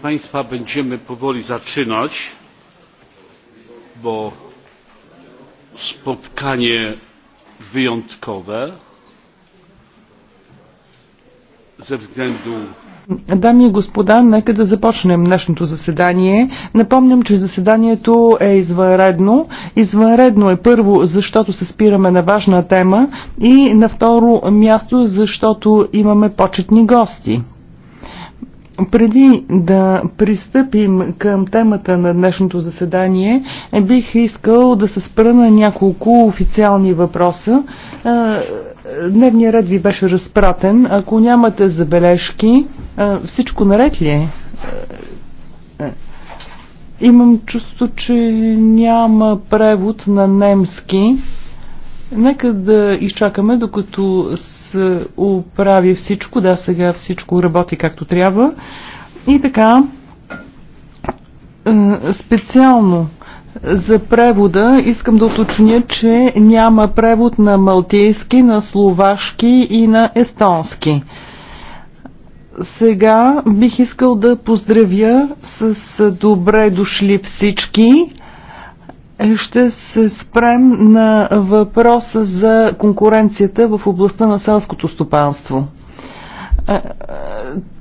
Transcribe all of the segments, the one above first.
proszę państwa będziemy powoli zaczynać bo spotkanie wyjątkowe ze względu Дами и господа, нека да започнем днешното заседание. Напомням, че заседанието е извънредно. Извънредно е първо, защото се спираме на важна тема и на второ място, защото имаме почетни гости. Преди да пристъпим към темата на днешното заседание, бих искал да се спра на няколко официални въпроса. Дневният ред ви беше разпратен. Ако нямате забележки, всичко наред ли е? Имам чувство, че няма превод на немски. Нека да изчакаме, докато се оправи всичко. Да, сега всичко работи както трябва. И така, е, специално за превода искам да уточня, че няма превод на малтийски, на словашки и на естонски. Сега бих искал да поздравя с добре дошли всички ще се спрем на въпроса за конкуренцията в областта на селското стопанство. Е, е,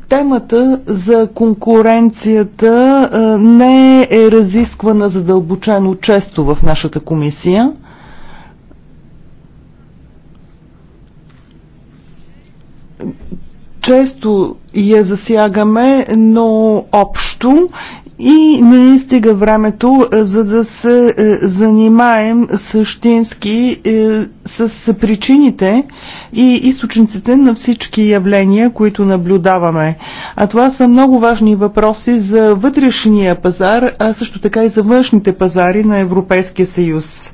темата за конкуренцията е, не е разисквана задълбочено често в нашата комисия. Често я засягаме, но общо и не стига времето, е, за да се е, занимаем същински е, с причините и източниците на всички явления, които наблюдаваме. А това са много важни въпроси за вътрешния пазар, а също така и за външните пазари на Европейския съюз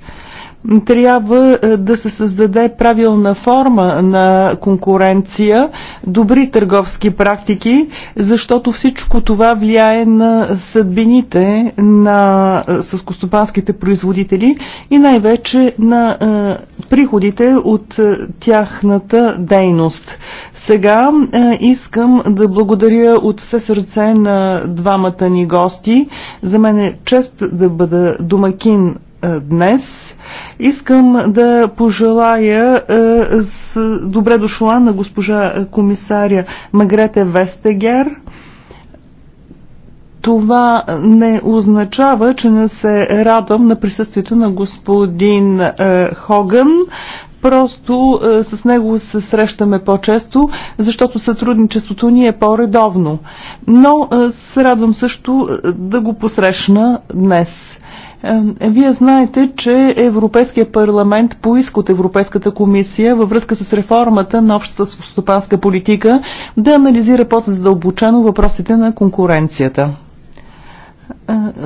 трябва е, да се създаде правилна форма на конкуренция, добри търговски практики, защото всичко това влияе на съдбините на е, съскостопанските производители и най-вече на е, приходите от тяхната дейност. Сега искам да благодаря от все сърце на двамата ни гости. За мен е чест да бъда домакин днес. Искам да пожелая е, с добре дошла на госпожа комисаря Магрете Вестегер. Това не означава, че не се радвам на присъствието на господин е, Хоган. Просто е, с него се срещаме по-често, защото сътрудничеството ни е по-редовно. Но е, се радвам също е, да го посрещна днес. Е, вие знаете, че Европейския парламент поиска от Европейската комисия във връзка с реформата на общата стопанска политика да анализира по-задълбочено въпросите на конкуренцията.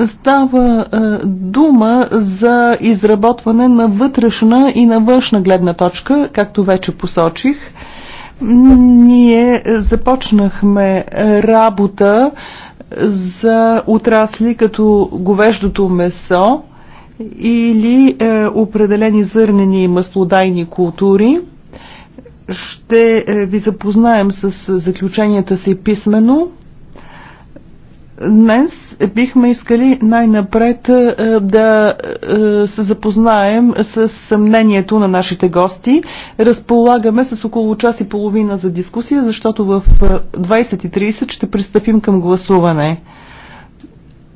Е, става е, дума за изработване на вътрешна и на външна гледна точка, както вече посочих. Ние започнахме работа за отрасли като говеждото месо или е, определени зърнени и маслодайни култури. Ще е, ви запознаем с заключенията си писменно. Днес бихме искали най-напред е, да е, се запознаем с съмнението на нашите гости. Разполагаме с около час и половина за дискусия, защото в 20.30 е, ще пристъпим към гласуване.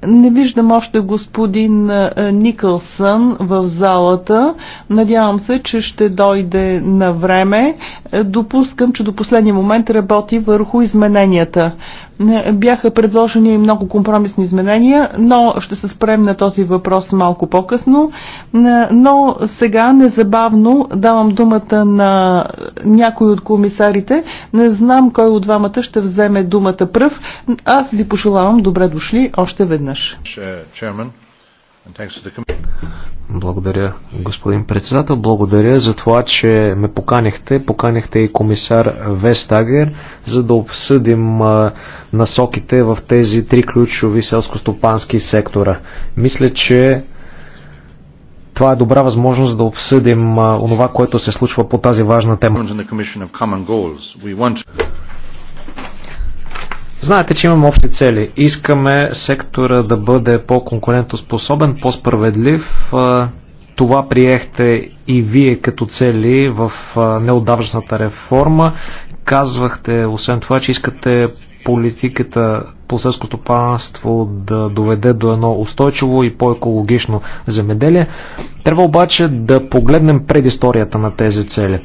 Не виждам още господин Никълсън в залата. Надявам се, че ще дойде на време. Допускам, че до последния момент работи върху измененията. Бяха предложени много компромисни изменения, но ще се спрем на този въпрос малко по-късно. Но сега незабавно давам думата на някой от комисарите. Не знам кой от двамата ще вземе думата пръв. Аз ви пожелавам добре дошли още веднъж. Chairman. Благодаря, господин председател. Благодаря за това, че ме поканихте. Поканихте и комисар Вестагер, за да обсъдим насоките в тези три ключови селско-стопански сектора. Мисля, че това е добра възможност да обсъдим онова, което се случва по тази важна тема. Знаете, че имаме общи цели. Искаме сектора да бъде по-конкурентоспособен, по-справедлив. Това приехте и вие като цели в неодавжната реформа. Казвахте, освен това, че искате политиката по селското панство да доведе до едно устойчиво и по-екологично земеделие. Трябва обаче да погледнем предисторията на тези цели.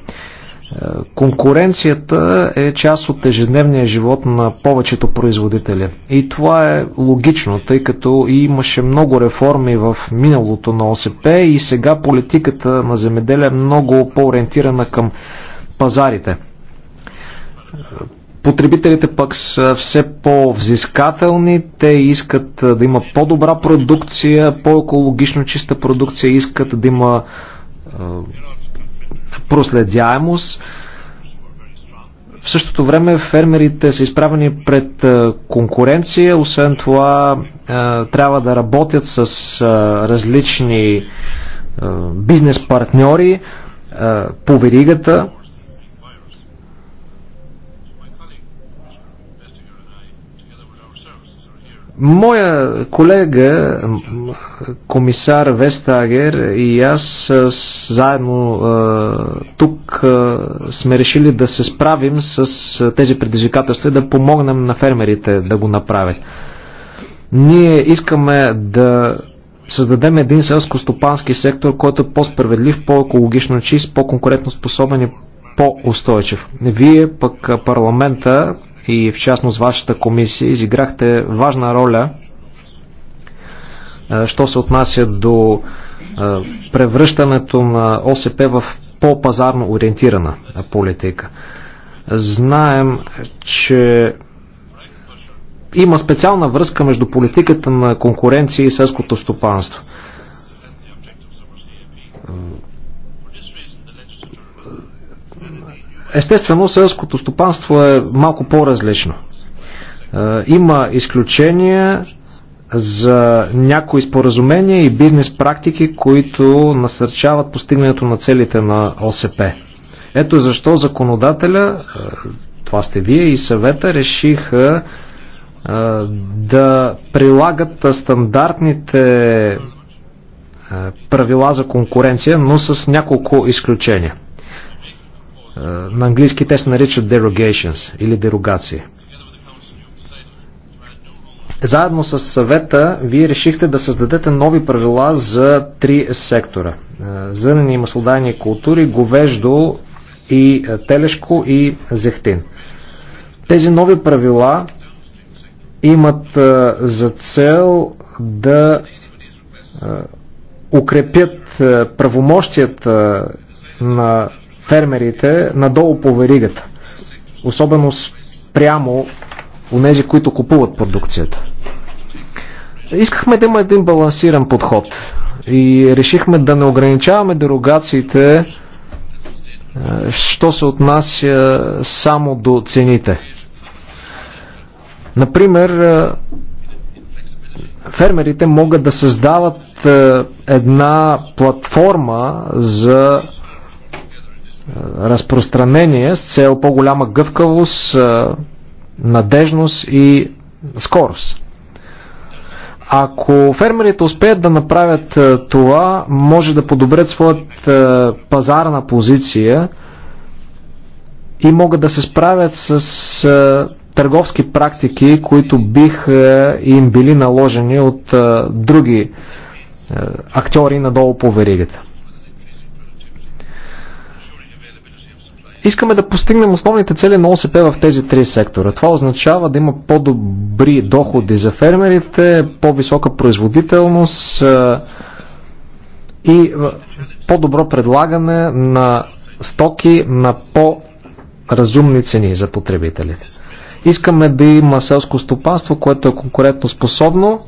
Конкуренцията е част от ежедневния живот на повечето производители. И това е логично, тъй като имаше много реформи в миналото на ОСП и сега политиката на земеделие е много по-ориентирана към пазарите. Потребителите пък са все по-взискателни, те искат да има по-добра продукция, по-екологично чиста продукция, искат да има проследяемост. В същото време фермерите са изправени пред конкуренция, освен това трябва да работят с различни бизнес партньори по веригата, Моя колега, комисар Вестагер и аз заедно тук сме решили да се справим с тези предизвикателства и да помогнем на фермерите да го направят. Ние искаме да създадем един селско-стопански сектор, който е по-справедлив, по-екологично чист, по-конкурентно способен и по-устойчив. Вие пък парламента и в частност вашата комисия изиграхте важна роля, е, що се отнася до е, превръщането на ОСП в по-пазарно ориентирана политика. Знаем, че има специална връзка между политиката на конкуренция и селското стопанство Естествено, селското стопанство е малко по-различно. Е, има изключения за някои споразумения и бизнес практики, които насърчават постигането на целите на ОСП. Ето защо законодателя, е, това сте вие и съвета, решиха е, да прилагат стандартните правила за конкуренция, но с няколко изключения. Е, на английски те се наричат derogations или дерогации. Заедно с съвета, вие решихте да създадете нови правила за три сектора. Е, зърнени и маслодайни култури, говеждо и е, телешко и зехтин. Тези нови правила имат за цел да укрепят правомощията на фермерите надолу по веригата. Особено прямо у нези, които купуват продукцията. Искахме да има един балансиран подход и решихме да не ограничаваме дерогациите, е, що се отнася само до цените. Например, е, фермерите могат да създават е, една платформа за е, разпространение с цел по-голяма гъвкавост, е, надежност и скорост. Ако фермерите успеят да направят е, това, може да подобрят своята пазарна позиция и могат да се справят с търговски практики, които биха им били наложени от други актьори надолу по веригата. Искаме да постигнем основните цели на ОСП в тези три сектора. Това означава да има по-добри доходи за фермерите, по-висока производителност и по-добро предлагане на стоки на по-разумни цени за потребителите. Искаме да има селско стопанство, което е конкурентно способно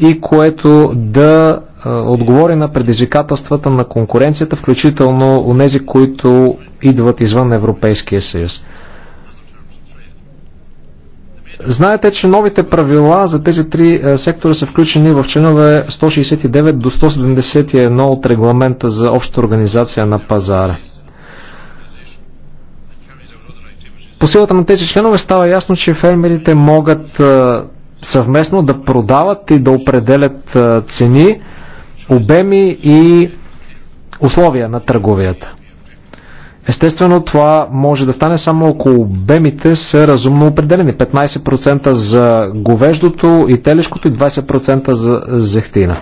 и което да е, отговори на предизвикателствата на конкуренцията, включително у нези, които идват извън Европейския съюз. Знаете, че новите правила за тези три е, сектора са включени в членове 169 до 171 от регламента за общата организация на пазара. По силата на тези членове става ясно, че фермерите могат е, съвместно да продават и да определят цени обеми и условия на търговията. Естествено, това може да стане само ако обемите са разумно определени. 15% за говеждото и телешкото и 20% за зехтина.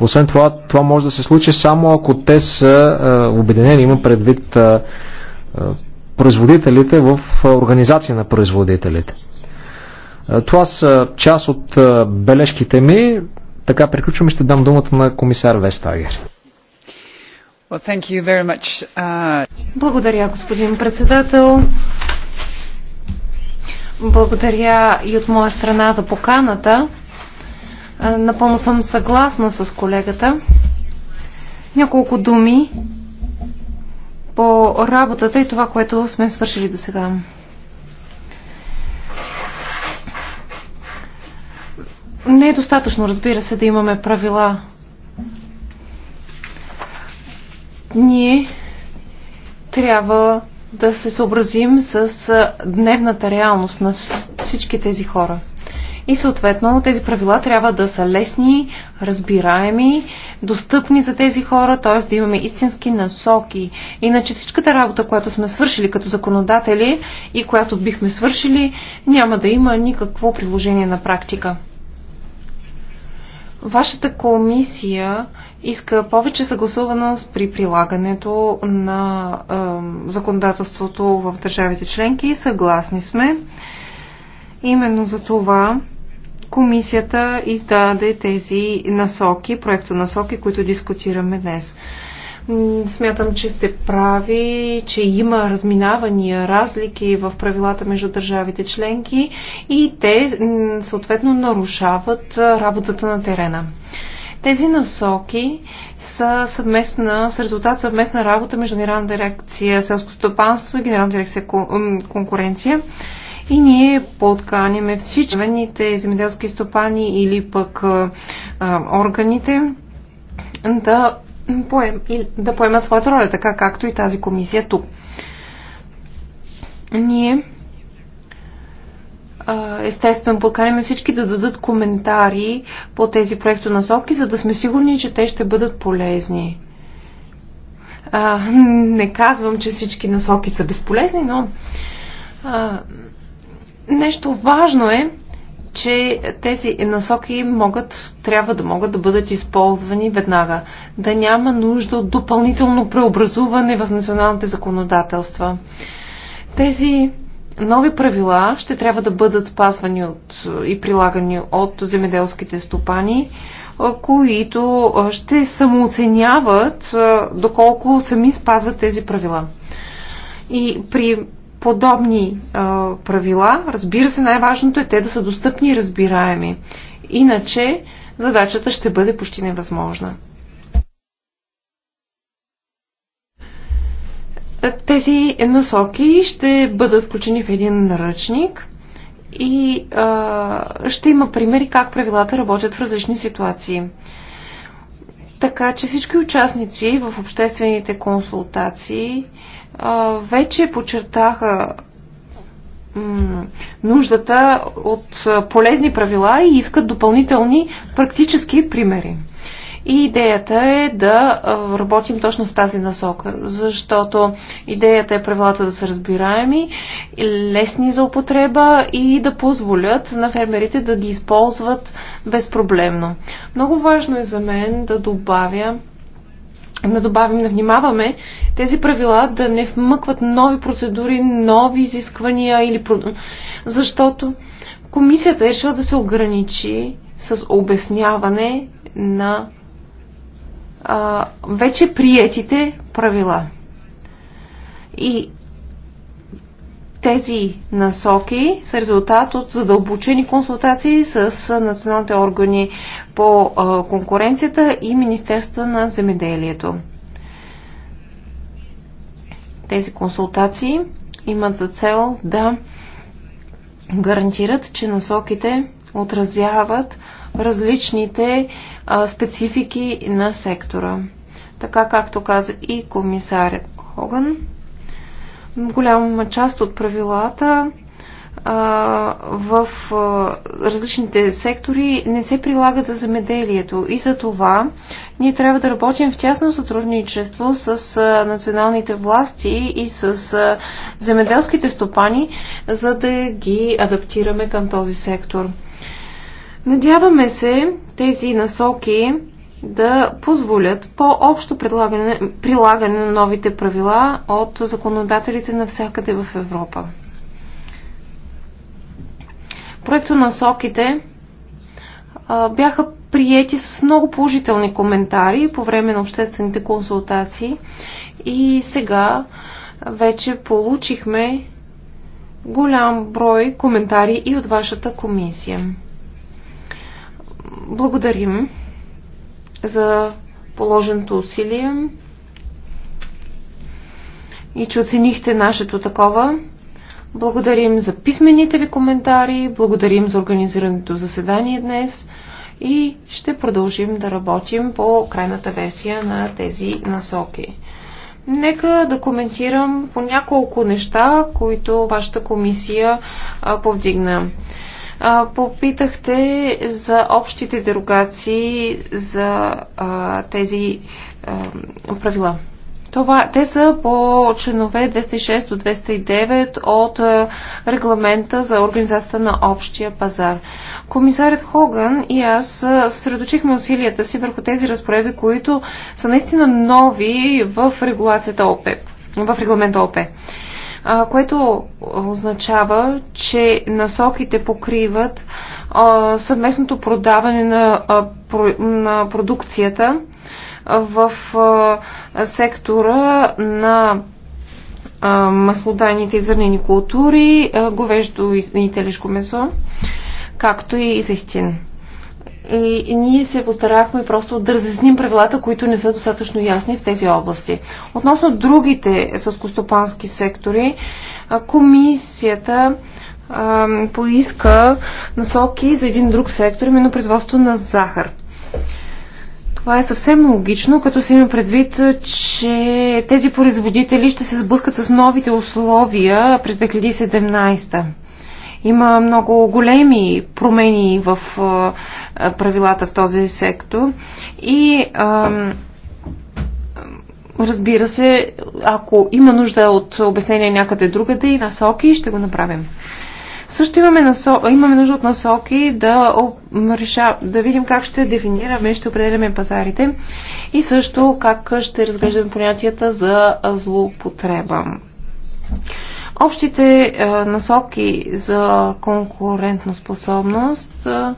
Освен това, това може да се случи само ако те са е, обединени, има предвид е, е производителите в организация на производителите. Е, това са част от е, бележките ми. Така приключвам и ще дам думата на комисар Вестагер. Well, uh... Благодаря, господин председател. Благодаря и от моя страна за поканата. Напълно съм съгласна с колегата. Няколко думи по работата и това, което сме свършили до сега. Не е достатъчно, разбира се, да имаме правила. Ние трябва да се съобразим с дневната реалност на всички тези хора. И съответно тези правила трябва да са лесни, разбираеми, достъпни за тези хора, т.е. да имаме истински насоки. Иначе всичката работа, която сме свършили като законодатели и която бихме свършили, няма да има никакво приложение на практика. Вашата комисия иска повече съгласуваност при прилагането на е, законодателството в държавите членки. и Съгласни сме. Именно за това комисията издаде тези насоки, проекта насоки, които дискутираме днес. Смятам, че сте прави, че има разминавания, разлики в правилата между държавите членки и те съответно нарушават работата на терена. Тези насоки са съвместна, с резултат съвместна работа между Генерална дирекция селско стопанство и Генерална дирекция конкуренция. И ние подканяме всички земеделски стопани или пък а, органите да поем, и да поемат своята роля, така както и тази комисия тук. Ние естествено поканим всички да дадат коментари по тези проектонасоки, за да сме сигурни, че те ще бъдат полезни. А, не казвам, че всички насоки са безполезни, но а, нещо важно е че тези насоки могат, трябва да могат да бъдат използвани веднага. Да няма нужда от допълнително преобразуване в националните законодателства. Тези нови правила ще трябва да бъдат спазвани от, и прилагани от земеделските стопани, които ще самооценяват доколко сами спазват тези правила. И при подобни а, правила, разбира се, най-важното е те да са достъпни и разбираеми. Иначе задачата ще бъде почти невъзможна. Тези насоки ще бъдат включени в един наръчник и а, ще има примери как правилата работят в различни ситуации. Така че всички участници в обществените консултации вече подчертаха нуждата от полезни правила и искат допълнителни практически примери. И идеята е да работим точно в тази насока, защото идеята е правилата да са разбираеми, лесни за употреба и да позволят на фермерите да ги използват безпроблемно. Много важно е за мен да добавя, да добавим, да внимаваме тези правила да не вмъкват нови процедури, нови изисквания или... Защото комисията е решила да се ограничи с обясняване на а, вече приетите правила. И тези насоки са резултат от задълбочени консултации с националните органи по конкуренцията и Министерства на земеделието. Тези консултации имат за цел да гарантират, че насоките отразяват различните специфики на сектора. Така както каза и комисарят Хоган, голяма част от правилата в различните сектори не се прилагат за земеделието и за това ние трябва да работим в тясно сътрудничество с националните власти и с земеделските стопани, за да ги адаптираме към този сектор. Надяваме се тези насоки да позволят по-общо прилагане на новите правила от законодателите навсякъде в Европа. Проекто СОките бяха приети с много положителни коментари по време на обществените консултации и сега вече получихме голям брой коментари и от вашата комисия. Благодарим за положеното усилие и че оценихте нашето такова. Благодарим за писмените ви коментари, благодарим за организираното заседание днес и ще продължим да работим по крайната версия на тези насоки. Нека да коментирам по няколко неща, които вашата комисия повдигна попитахте за общите дерогации за а, тези а, правила. Това, те са по членове 206 до 209 от регламента за организацията на общия пазар. Комисарят Хоган и аз средочихме усилията си върху тези разпореби, които са наистина нови в регулацията ОПЕП, в регламента ОПЕ което означава, че насоките покриват съвместното продаване на, на продукцията в сектора на маслодайните и зърнени култури, говеждо и телешко месо, както и зехтин. И е, ние се постарахме просто да разясним правилата, които не са достатъчно ясни в тези области. Относно другите сълскостопански сектори, комисията поиска насоки за един друг сектор, именно производство на захар. Това е съвсем логично, като се има предвид, че тези производители ще се сблъскат с новите условия през 2017. Има много големи промени в правилата в този сектор и разбира се, ако има нужда от обяснение някъде другаде и насоки, ще го направим. Също имаме, насо... имаме нужда от насоки да, реша... да видим как ще дефинираме, ще определяме пазарите и също как ще разглеждаме понятията за злоупотреба. Общите е, насоки за конкурентна способност е,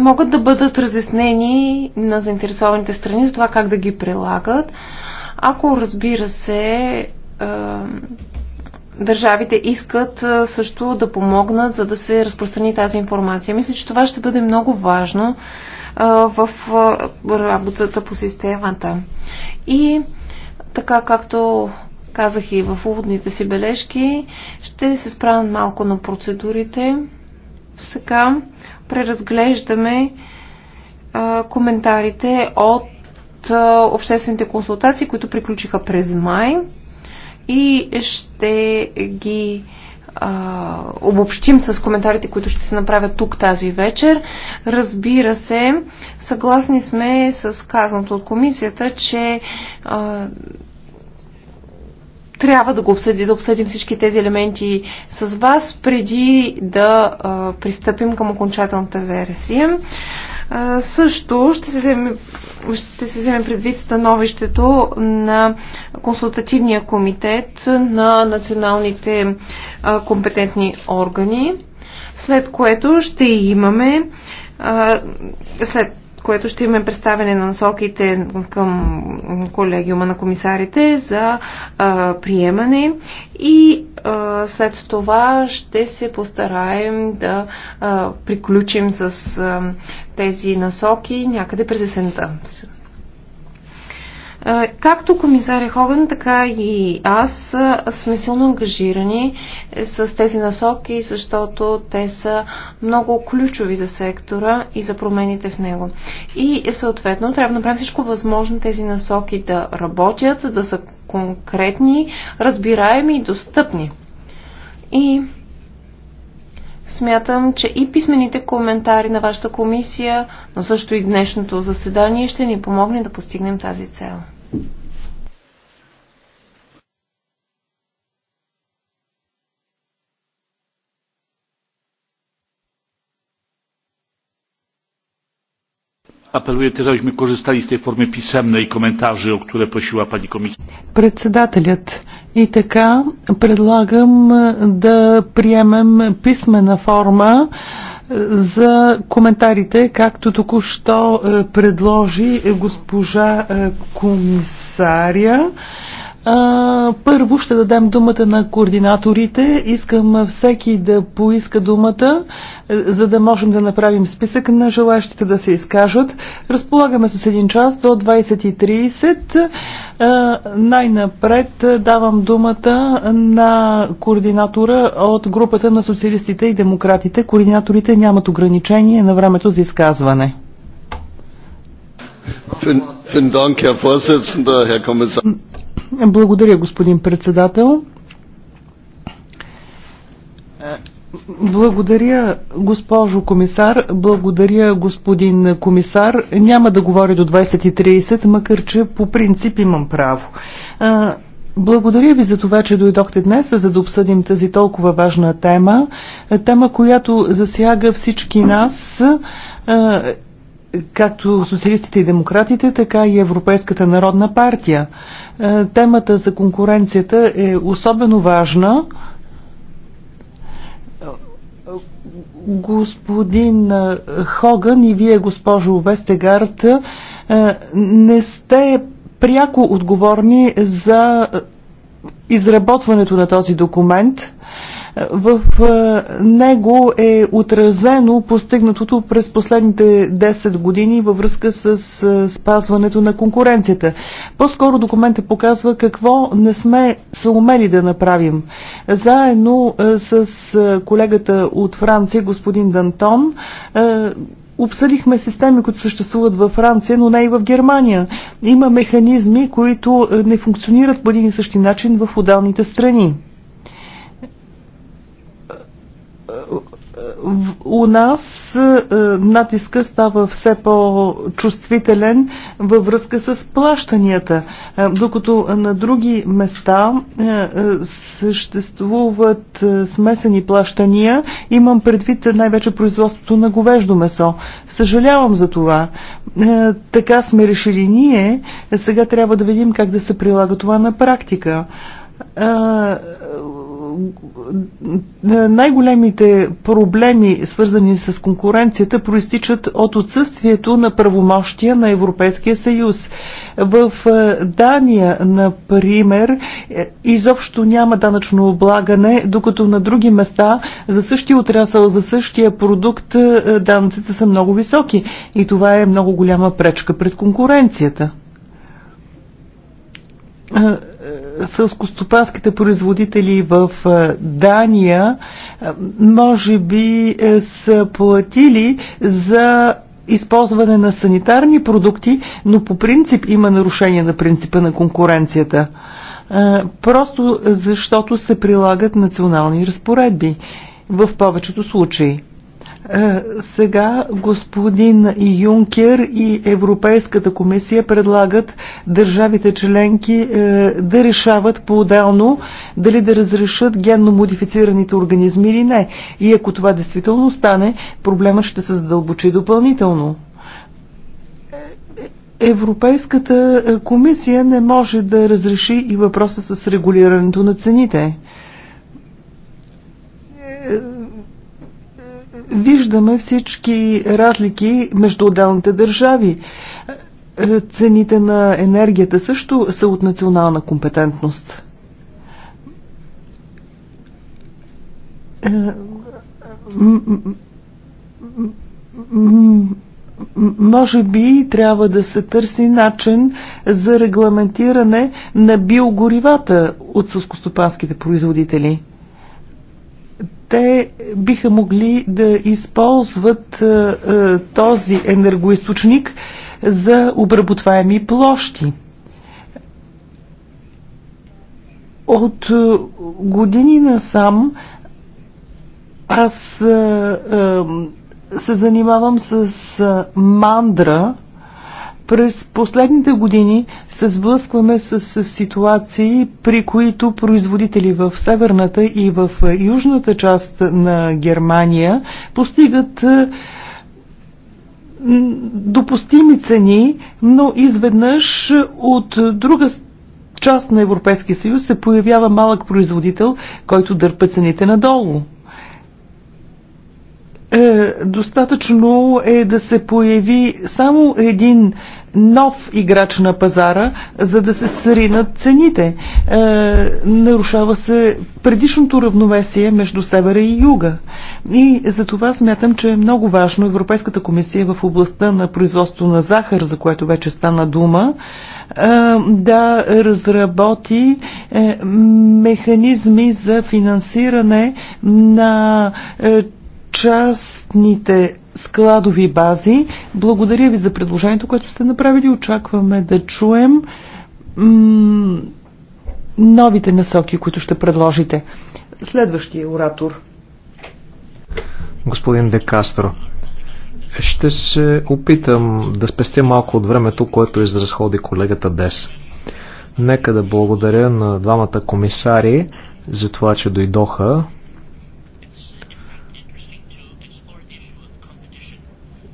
могат да бъдат разяснени на заинтересованите страни за това как да ги прилагат, ако разбира се е, държавите искат също да помогнат, за да се разпространи тази информация. Мисля, че това ще бъде много важно в работата по системата. И така както казах и в уводните си бележки, ще се справим малко на процедурите. Сега преразглеждаме а, коментарите от а, обществените консултации, които приключиха през май и ще ги а, обобщим с коментарите, които ще се направят тук тази вечер. Разбира се, съгласни сме с казаното от комисията, че а, трябва да го обсъди, да обсъдим всички тези елементи с вас, преди да а, пристъпим към окончателната версия. А, също ще се ще се вземе предвид становището на консултативния комитет на националните компетентни органи, след което ще имаме след което ще имаме представяне на насоките към колегиума на комисарите за а, приемане и а, след това ще се постараем да а, приключим с а, тези насоки някъде през есента. Както комисаря Хоган, така и аз сме силно ангажирани с тези насоки, защото те са много ключови за сектора и за промените в него. И съответно трябва да направим всичко възможно тези насоки да работят, да са конкретни, разбираеми и достъпни. И Смятам, че и писмените коментари на вашата комисия, но също и днешното заседание ще ни помогне да постигнем тази цел. apeluję też, abyśmy korzystali z tej formy pisemnej komentarzy, о които prosiła пани комисия. Председателят и така предлагам е, да приемем писмена форма е, за коментарите, както току-що е, предложи госпожа комисаря. А, първо ще дадем думата на координаторите. Искам всеки да поиска думата, е, за да можем да направим списък на желащите да се изкажат. Разполагаме с един час до 20.30. Е, най-напред давам думата на координатора от групата на социалистите и демократите. Координаторите нямат ограничение на времето за изказване. Благодаря, господин председател. Е, благодаря, госпожо комисар. Благодаря, господин комисар. Няма да говоря до 20.30, макар че по принцип имам право. Е, благодаря ви за това, че дойдохте днес, за да обсъдим тази толкова важна тема. Е, тема, която засяга всички нас както социалистите и демократите, така и Европейската народна партия. Е, темата за конкуренцията е особено важна. Господин е, Хоган и вие, госпожо Вестегард, е, не сте пряко отговорни за изработването на този документ – в е, него е отразено постигнатото през последните 10 години във връзка с е, спазването на конкуренцията. По-скоро документът показва какво не сме се умели да направим. Заедно е, с колегата от Франция, господин Дантон, Обсъдихме системи, които съществуват във Франция, но не и в Германия. Има механизми, които не функционират по един и същи начин в отдалните страни. у нас е, е, натиска става все по-чувствителен във връзка с плащанията, е, докато на други места съществуват смесени плащания. Имам предвид най-вече производството на говеждо месо. Съжалявам за това. Така сме решили ние. Сега трябва да видим как да се прилага това на практика най-големите проблеми, свързани с конкуренцията, проистичат от отсъствието на правомощия на Европейския съюз. В е, Дания, например, е, изобщо няма данъчно облагане, докато на други места за същия отрасъл, за същия продукт е, данъците са много високи. И това е много голяма пречка пред конкуренцията сълскостопанските производители в Дания може би е, са платили за използване на санитарни продукти, но по принцип има нарушение на принципа на конкуренцията. Просто защото се прилагат национални разпоредби в повечето случаи. Е, сега господин Юнкер и Европейската комисия предлагат държавите членки е, да решават по-отделно дали да разрешат генно модифицираните организми или не. И ако това действително стане, проблема ще се задълбочи допълнително. Е, Европейската комисия не може да разреши и въпроса с регулирането на цените виждаме всички разлики между отделните държави. Е, цените на енергията също са от национална компетентност. Е, може би трябва да се търси начин за регламентиране на биогоривата от сълскостопанските производители – те биха могли да използват е, е, този енергоисточник за обработваеми площи. От е, години насам аз се занимавам с мандра, през последните години се сблъскваме с, с ситуации, при които производители в северната и в е, южната част на Германия постигат е, допустими цени, но изведнъж от друга част на Европейския съюз се появява малък производител, който дърпа цените надолу. Е, достатъчно е да се появи само един нов играч на пазара, за да се сринат цените. Е, нарушава се предишното равновесие между севера и юга. И за това смятам, че е много важно Европейската комисия в областта на производство на захар, за което вече стана дума, е, да разработи е, механизми за финансиране на е, частните складови бази. Благодаря ви за предложението, което сте направили. Очакваме да чуем новите насоки, които ще предложите. Следващия оратор. Господин Де Кастро, ще се опитам да спестя малко от времето, което изразходи колегата Дес. Нека да благодаря на двамата комисари за това, че дойдоха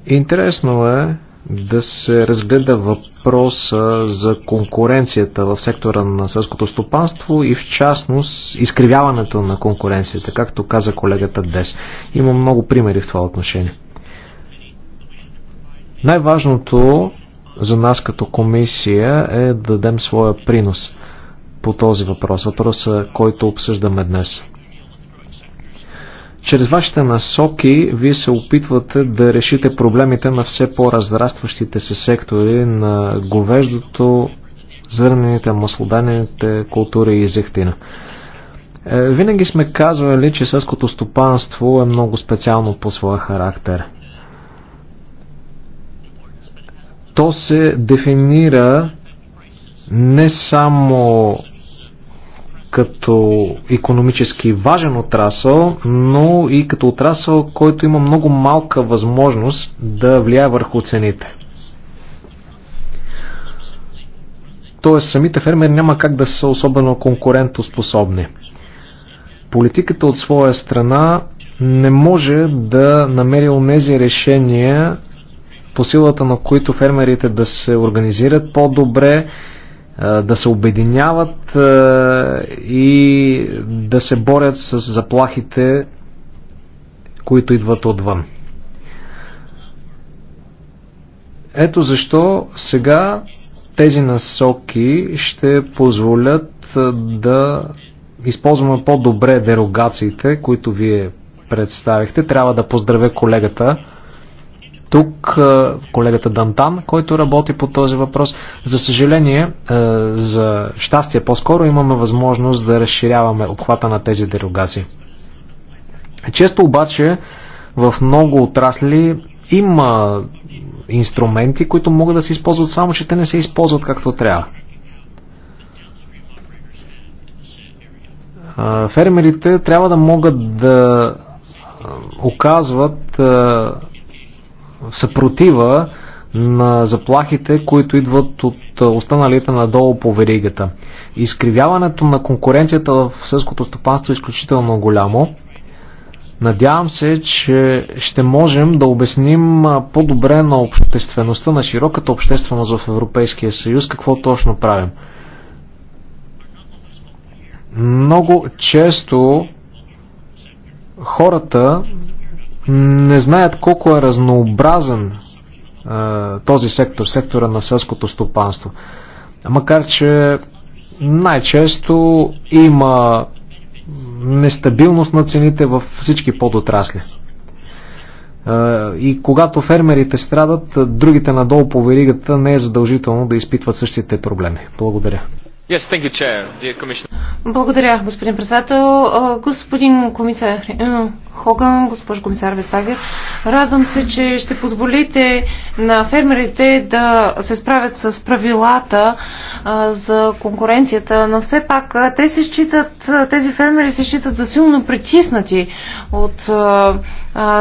Интересно е да се разгледа въпроса за конкуренцията в сектора на селското стопанство и в частност изкривяването на конкуренцията, както каза колегата Дес. Има много примери в това отношение. Най-важното за нас като комисия е да дадем своя принос по този въпрос, въпроса, който обсъждаме днес. Чрез вашите насоки вие се опитвате да решите проблемите на все по-разрастващите се сектори на говеждото, зърнените, маслоданените култури и зехтина. Е, винаги сме казвали, че съското стопанство е много специално по своя характер. То се дефинира не само като економически важен отрасъл, но и като отрасъл, който има много малка възможност да влияе върху цените. Тоест, самите фермери няма как да са особено конкурентоспособни. Политиката от своя страна не може да намери онези решения, по силата на които фермерите да се организират по-добре, да се обединяват и да се борят с заплахите, които идват отвън. Ето защо сега тези насоки ще позволят да използваме по-добре дерогациите, които вие представихте. Трябва да поздравя колегата тук колегата Дантан, който работи по този въпрос. За съжаление, за щастие по-скоро имаме възможност да разширяваме обхвата на тези дерогации. Често обаче в много отрасли има инструменти, които могат да се използват само, че те не се използват както трябва. Фермерите трябва да могат да оказват съпротива на заплахите, които идват от останалите надолу по веригата. Изкривяването на конкуренцията в сълското стопанство е изключително голямо. Надявам се, че ще можем да обясним по-добре на обществеността, на широката общественост в Европейския съюз, какво точно правим. Много често хората не знаят колко е разнообразен този сектор, сектора на селското стопанство. Макар, че най-често има нестабилност на цените във всички подотрасли. И когато фермерите страдат, другите надолу по веригата не е задължително да изпитват същите проблеми. Благодаря. Yes, thank you, chair, dear commissioner. Благодаря, господин председател. Господин комисар Хоган, госпожо комисар Вестагер, радвам се, че ще позволите на фермерите да се справят с правилата за конкуренцията, но все пак те се считат, тези фермери се считат за силно притиснати от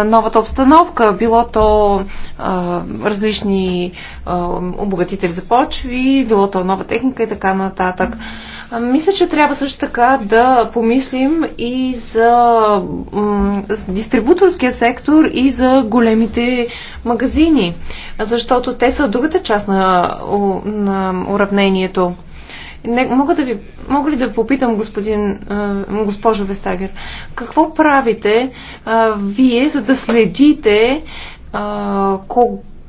новата обстановка, било то различни обогатители за почви, било то нова техника и така нататък. Мисля, че трябва също така да помислим и за дистрибуторския сектор и за големите магазини, защото те са другата част на, на уравнението. Не, мога, да ви, мога ли да попитам, господин, госпожо Вестагер, какво правите а, вие, за да следите а,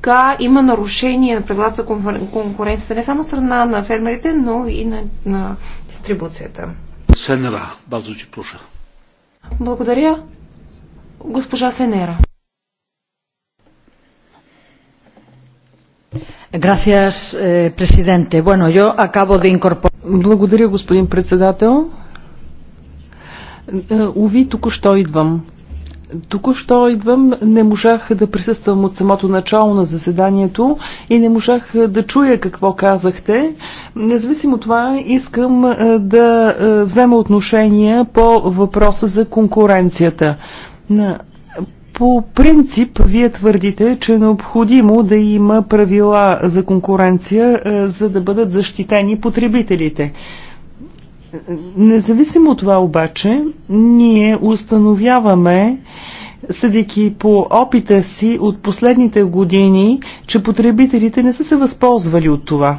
така има нарушение на правилата за конкуренцията не само страна на фермерите, но и на, на дистрибуцията. Сенера, базо че пуша. Благодаря. Госпожа Сенера. Gracias, eh, presidente. Bueno, yo acabo de incorporar... Благодаря, господин председател. Е, уви, току-що идвам. Току-що идвам, не можах да присъствам от самото начало на заседанието и не можах да чуя какво казахте. Независимо това, искам да взема отношение по въпроса за конкуренцията. По принцип, вие твърдите, че е необходимо да има правила за конкуренция, за да бъдат защитени потребителите. Независимо от това обаче, ние установяваме, съдейки по опита си от последните години, че потребителите не са се възползвали от това.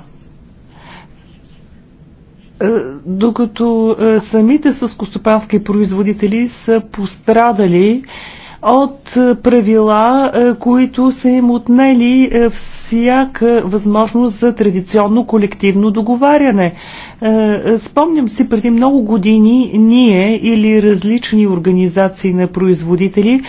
Е, докато е, самите съскостопански производители са пострадали от е, правила, е, които са им отнели е, всяка възможност за традиционно колективно договаряне. Спомням си преди много години ние или различни организации на производители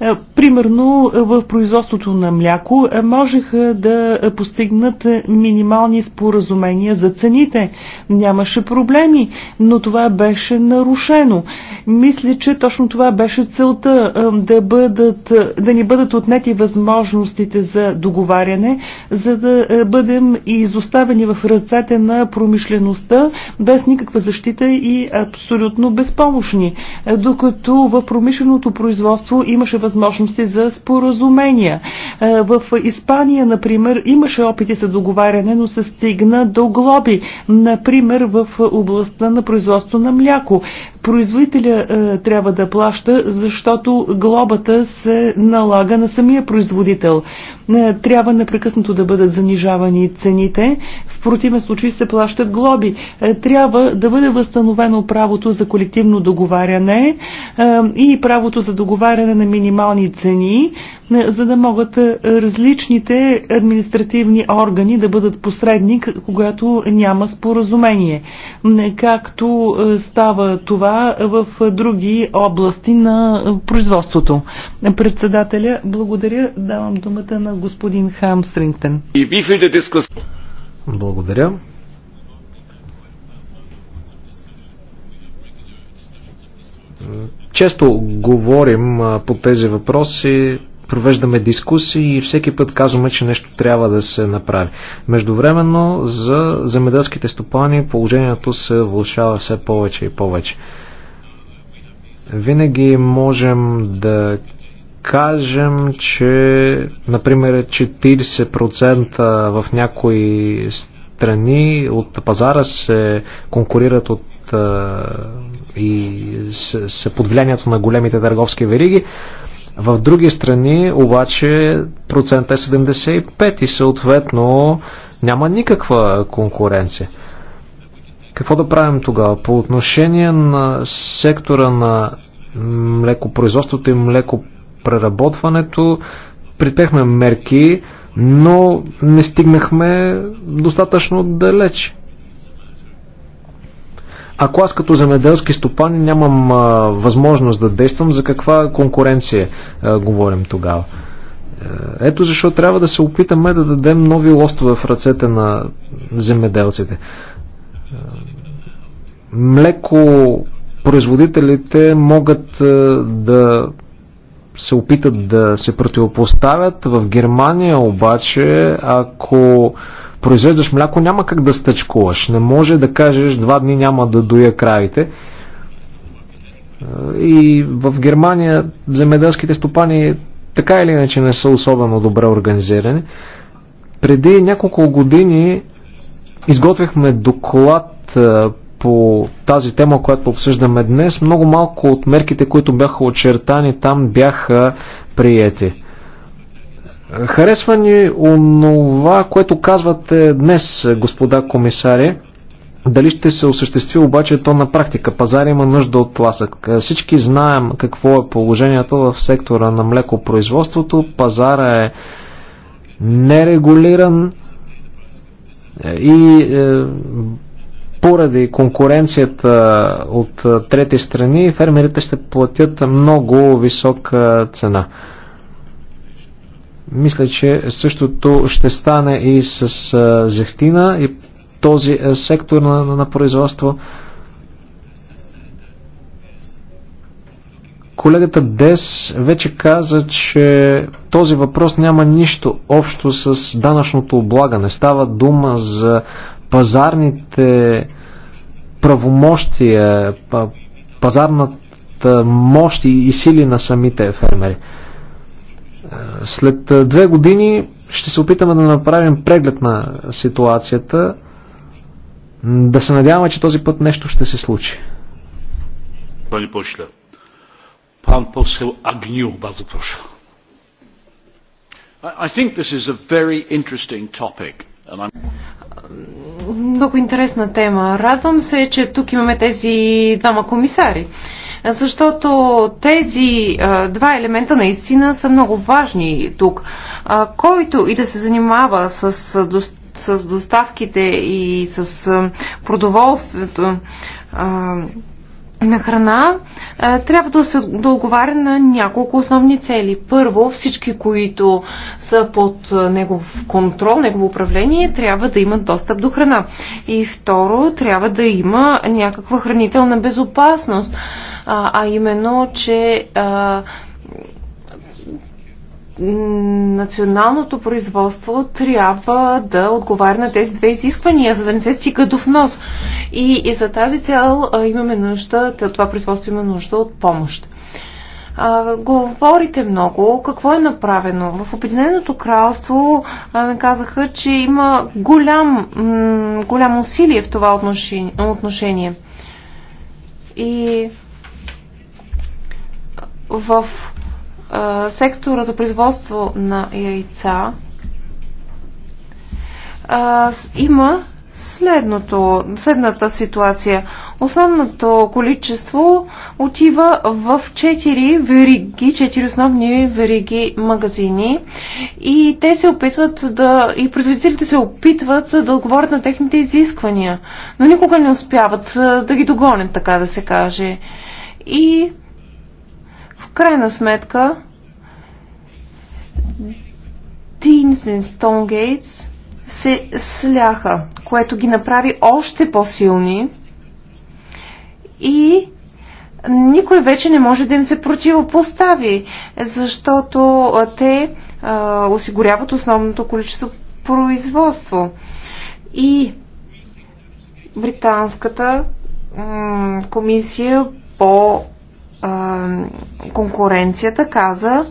е, примерно е, в производството на мляко е, можеха да постигнат минимални споразумения за цените. Нямаше проблеми, но това беше нарушено. Мисля, че точно това беше целта да, бъдат, да ни бъдат отнети възможностите за договаряне, за да бъдем изоставени в ръцете на промишлеността без никаква защита и абсолютно безпомощни. Докато в промишленото производство имаше възможност възможности за споразумения. Е, в Испания, например, имаше опити за договаряне, но се стигна до глоби, например в областта на производство на мляко производителя е, трябва да плаща, защото глобата се налага на самия производител. Е, трябва непрекъснато да бъдат занижавани цените, в противен случай се плащат глоби. Е, трябва да бъде възстановено правото за колективно договаряне е, и правото за договаряне на минимални цени, за да могат е, различните административни органи да бъдат посредник, когато няма споразумение, както е, става това в други области на производството. Председателя, благодаря. Давам думата на господин Хамстрингтен. Благодаря. Често говорим по тези въпроси провеждаме дискусии и всеки път казваме, че нещо трябва да се направи. Междувременно за земеделските стопани положението се влушава все повече и повече. Винаги можем да кажем, че например 40% в някои страни от пазара се конкурират от и се под влиянието на големите търговски вериги. В други страни обаче процента е 75 и съответно няма никаква конкуренция. Какво да правим тогава? По отношение на сектора на млекопроизводството и млекопреработването, предпехме мерки, но не стигнахме достатъчно далеч. Ако аз като земеделски стопан нямам а, възможност да действам, за каква конкуренция а, говорим тогава? Е, ето защо трябва да се опитаме да дадем нови лостове в ръцете на земеделците. Е, Млеко производителите могат е, да се опитат да се противопоставят. В Германия обаче, ако произвеждаш мляко, няма как да стъчкуваш. Не може да кажеш два дни няма да доя кравите. И в Германия земеделските стопани така или иначе не са особено добре организирани. Преди няколко години изготвихме доклад по тази тема, която обсъждаме днес. Много малко от мерките, които бяха очертани там, бяха приети. Харесва ни онова, което казвате днес, господа комисари. Дали ще се осъществи обаче то на практика? Пазар има нужда от тласък. Всички знаем какво е положението в сектора на млекопроизводството. Пазара е нерегулиран и е, поради конкуренцията от е, трети страни фермерите ще платят много висока цена. Мисля, че същото ще стане и с а, зехтина и този а, сектор на, на производство. Колегата Дес вече каза, че този въпрос няма нищо общо с данъчното облагане. Става дума за пазарните правомощия, пазарната мощ и сили на самите фермери. Е, след е, две години ще се опитаме да направим преглед на ситуацията. Да се надяваме, че този път нещо ще се случи. Пани пошля. Пан посел Агню, база проша. I think this is a very interesting topic. And I'm... Много интересна тема. Радвам се, че тук имаме тези двама комисари. Uh, защото тези а, два елемента наистина са много важни тук. А, който и да се занимава с, с доставките и с а, продоволствието а, на храна, а, трябва да се договаря отговаря на няколко основни цели. Първо, всички, които са под негов контрол, негово управление, трябва да имат достъп до храна. И второ, трябва да има някаква хранителна безопасност а, а именно, че а, националното производство трябва да отговаря на тези две изисквания, за да не се стига до внос. И, и за тази цел а, имаме нужда, това производство има нужда от помощ. А, говорите много. Какво е направено? В Обединеното кралство а, ми казаха, че има голям, голям усилие в това отношение. отношение. И в а, сектора за производство на яйца а, има следното, следната ситуация. Основното количество отива в 4 вериги, 4 основни вериги магазини и те се опитват да, и производителите се опитват да отговорят на техните изисквания, но никога не успяват да ги догонят, така да се каже. И крайна сметка Тинсен Стонгейтс се сляха, което ги направи още по-силни и никой вече не може да им се противопостави, защото те а, осигуряват основното количество производство. И британската комисия по а, конкуренцията каза,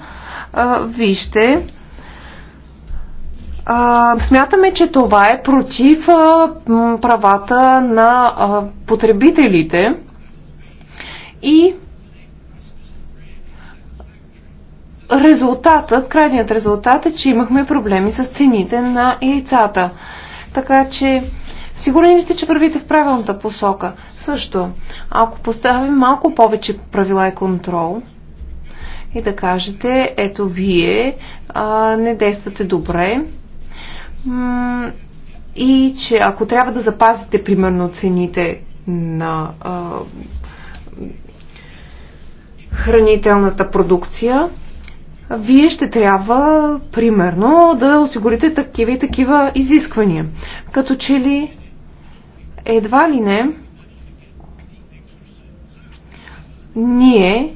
а, вижте, а, смятаме, че това е против а, правата на а, потребителите и резултатът, крайният резултат е, че имахме проблеми с цените на яйцата. Така че Сигурен ли сте, че вървите в правилната посока? Също, ако поставим малко повече правила и контрол и да кажете, ето вие а, не действате добре и че ако трябва да запазите, примерно, цените на а, хранителната продукция, вие ще трябва, примерно, да осигурите такива и такива изисквания. Като че ли едва ли не ние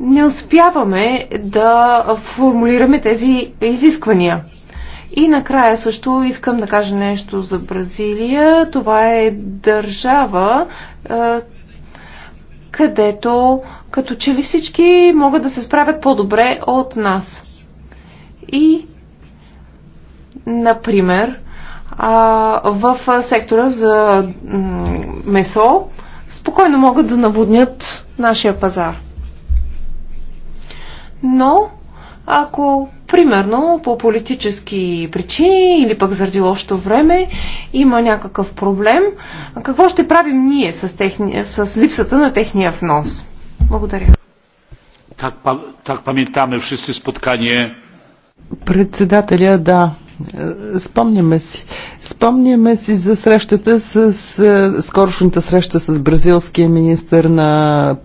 не успяваме да формулираме тези изисквания. И накрая също искам да кажа нещо за Бразилия. Това е държава, където като че ли всички могат да се справят по-добре от нас. И, например, в сектора за месо спокойно могат да наводнят нашия пазар. Но ако примерно по политически причини или пък заради лошото време има някакъв проблем, какво ще правим ние с, техни... с липсата на техния внос? Благодаря. Так, так паметаме всички споткания. Председателя, да, Спомняме си. Спомняме си за срещата с, с е, скорошната среща с бразилския министр на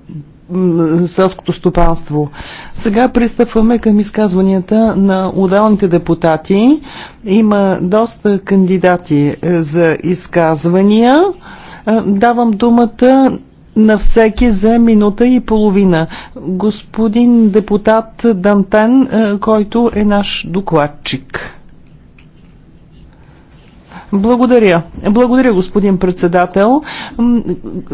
селското стопанство. Сега пристъпваме към изказванията на отделните депутати. Има доста кандидати е, за изказвания. Е, давам думата на всеки за минута и половина. Господин депутат Дантен, който е наш докладчик. Благодаря. Благодаря, господин председател.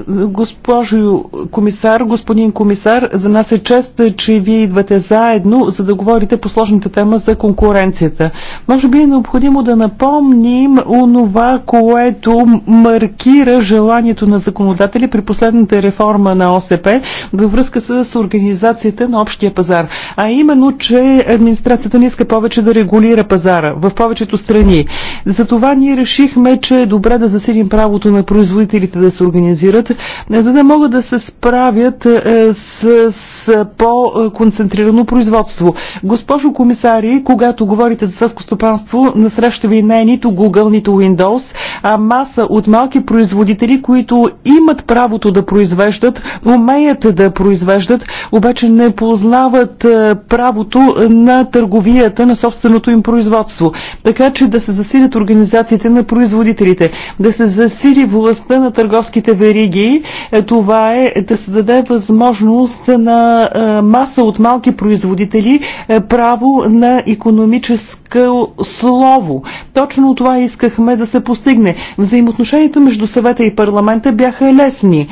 Госпожо комисар, господин комисар, за нас е чест, че вие идвате заедно, за да говорите по сложната тема за конкуренцията. Може би е необходимо да напомним онова, което маркира желанието на законодатели при последната реформа на ОСП във връзка с организацията на общия пазар. А именно, че администрацията не иска повече да регулира пазара в повечето страни. За това ние решихме, че е добре да засилим правото на производителите да се организират, е, за да могат да се справят е, с, с по-концентрирано производство. Госпожо комисари, когато говорите за сълско стопанство, насреща ви не е нито Google, нито Windows, а маса от малки производители, които имат правото да произвеждат, умеят да произвеждат, обаче не познават е, правото на търговията на собственото им производство. Така че да се засилят организациите на производителите, да се засили властта на търговските вериги. Е, това е да се даде възможност на е, маса от малки производители е, право на економическо слово. Точно това искахме да се постигне. Взаимоотношенията между съвета и парламента бяха лесни.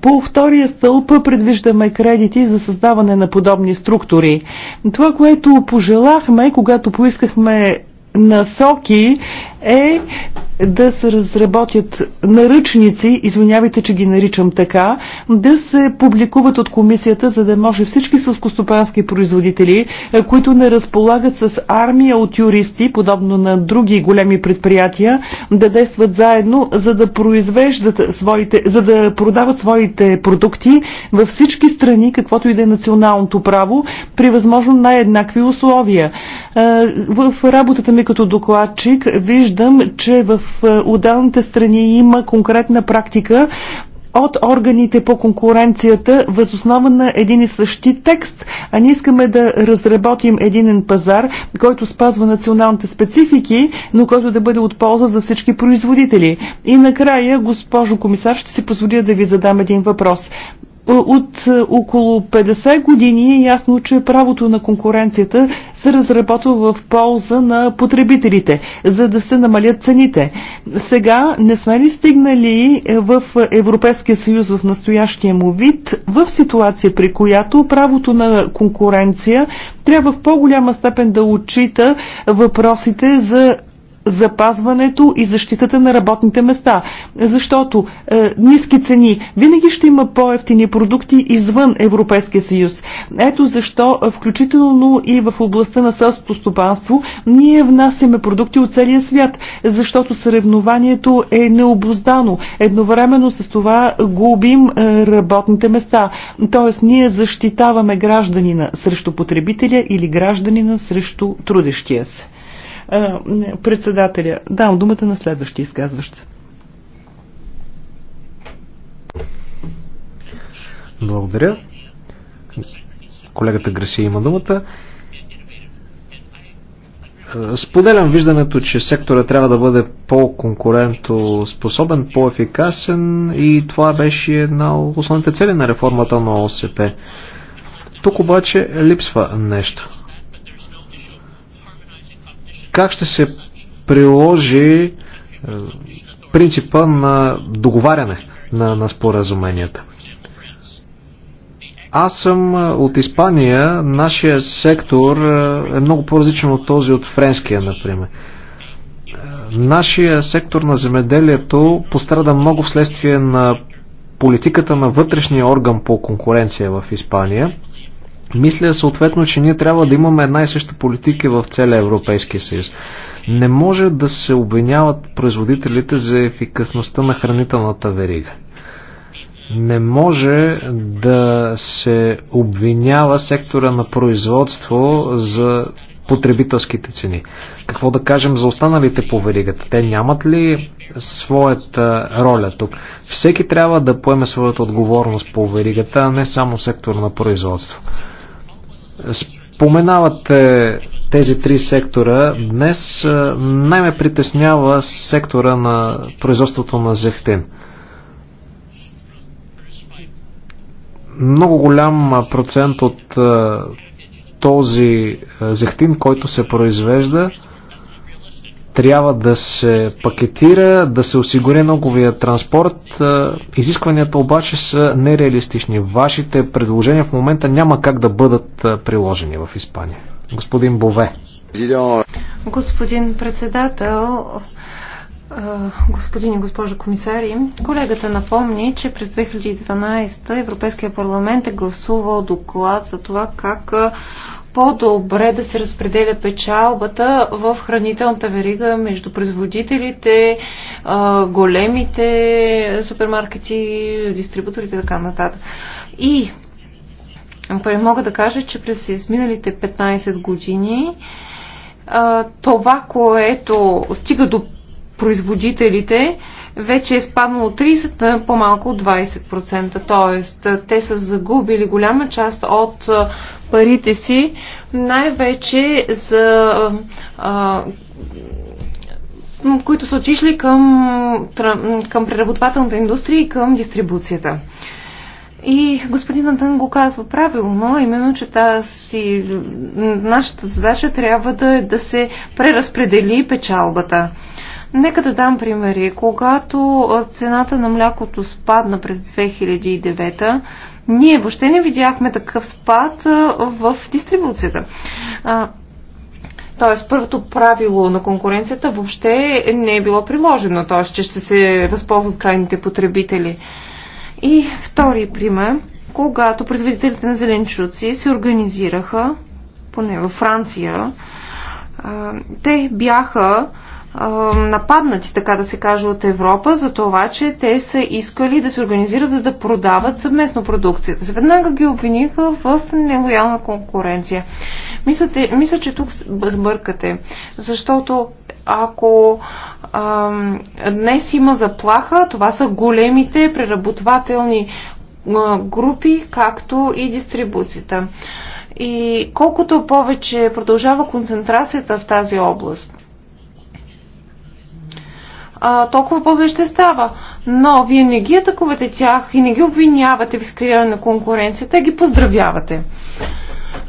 По втория стълб предвиждаме кредити за създаване на подобни структури. Това, което пожелахме, когато поискахме насоки е да се разработят наръчници, извинявайте, че ги наричам така, да се публикуват от комисията, за да може всички сълскостопански производители, е, които не разполагат с армия от юристи, подобно на други големи предприятия, да действат заедно, за да произвеждат своите, за да продават своите продукти във всички страни, каквото и да е националното право, при възможно най-еднакви условия. Е, в работата ми като докладчик виждам виждам, че в е, отделните страни има конкретна практика от органите по конкуренцията възоснова на един и същи текст, а ние искаме да разработим единен пазар, който спазва националните специфики, но който да бъде от полза за всички производители. И накрая, госпожо комисар, ще си позволя да ви задам един въпрос. Е, от е, около 50 години е ясно, че правото на конкуренцията се разработва в полза на потребителите, за да се намалят цените. Сега не сме ли стигнали е, в Европейския съюз в настоящия му вид в ситуация, при която правото на конкуренция трябва в по-голяма степен да отчита въпросите за запазването и защитата на работните места. Защото е, ниски цени винаги ще има по-ефтини продукти извън Европейския съюз. Ето защо, е, включително и в областта на селското стопанство, ние внасяме продукти от целия свят, защото съревнованието е необоздано. Едновременно с това губим е, работните места. Тоест, ние защитаваме гражданина срещу потребителя или гражданина срещу трудещия се. Е, председателя, Да, думата на следващия изказващ Благодаря. Колегата Гресия има думата. Е, споделям виждането, че сектора трябва да бъде по-конкуренто способен, по-ефикасен и това беше една от основните цели на реформата на ОСП. Тук обаче липсва нещо как ще се приложи е, принципа на договаряне на, на споразуменията. Аз съм е, от Испания. Нашия сектор е, е много по-различен от този от френския, например. Нашия сектор на земеделието пострада много вследствие на политиката на вътрешния орган по конкуренция в Испания. Мисля съответно, че ние трябва да имаме една и съща политика в целия Европейски съюз. Не може да се обвиняват производителите за ефикасността на хранителната верига. Не може да се обвинява сектора на производство за потребителските цени. Какво да кажем за останалите по веригата? Те нямат ли своята роля тук? Всеки трябва да поеме своята отговорност по веригата, а не само сектор на производство. Споменавате тези три сектора. Днес най-ме притеснява сектора на производството на зехтин. Много голям процент от този зехтин, който се произвежда, трябва да се пакетира, да се осигури ноговия транспорт. Е, изискванията обаче са нереалистични. Вашите предложения в момента няма как да бъдат е, приложени в Испания. Господин Бове. Господин председател, е, господин и госпожа комисари, колегата напомни, че през 2012 Европейския парламент е гласувал доклад за това как по-добре да се разпределя печалбата в хранителната верига между производителите, големите супермаркети, дистрибуторите и така нататък. И мога да кажа, че през изминалите 15 години това, което стига до производителите, вече е спаднало от 30 на по-малко от 20%. Тоест, те са загубили голяма част от парите си, най-вече за а, които са отишли към, към преработвателната индустрия и към дистрибуцията. И господин Антън го казва правилно, именно, че тази, нашата задача трябва да е да се преразпредели печалбата. Нека да дам примери. Когато цената на млякото спадна през 2009, ние въобще не видяхме такъв спад в дистрибуцията. Тоест, първото правило на конкуренцията въобще не е било приложено, т.е. че ще се възползват крайните потребители. И втори пример, когато производителите на зеленчуци се организираха, поне във Франция, те бяха нападнати, така да се каже, от Европа за това, че те са искали да се организират, за да продават съвместно продукцията. веднага ги обвиниха в нелоялна конкуренция. Мислите, мисля, че тук сбъркате, защото ако ам, днес има заплаха, това са големите преработвателни групи, както и дистрибуцията. И колкото повече продължава концентрацията в тази област, а, толкова по-зле ще става. Но вие не ги атакувате тях и не ги обвинявате в изкривяване на конкуренцията, ги поздравявате.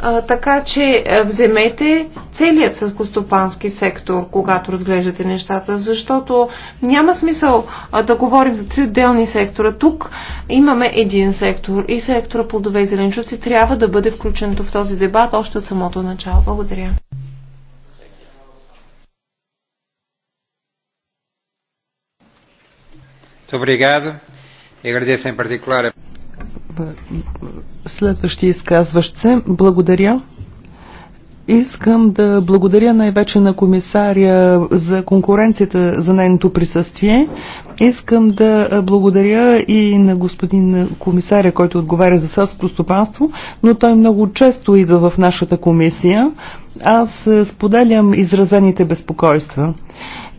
А, така че е, вземете целият съскостопански сектор, когато разглеждате нещата, защото няма смисъл а, да говорим за три отделни сектора. Тук имаме един сектор и сектора плодове и зеленчуци трябва да бъде включен в този дебат още от самото начало. Благодаря. E Следващия изказващ се. Благодаря. Искам да благодаря най-вече на комисаря за конкуренцията, за нейното присъствие. Искам да благодаря и на господин комисаря, който отговаря за селското стопанство, но той много често идва в нашата комисия. Аз споделям изразените безпокойства.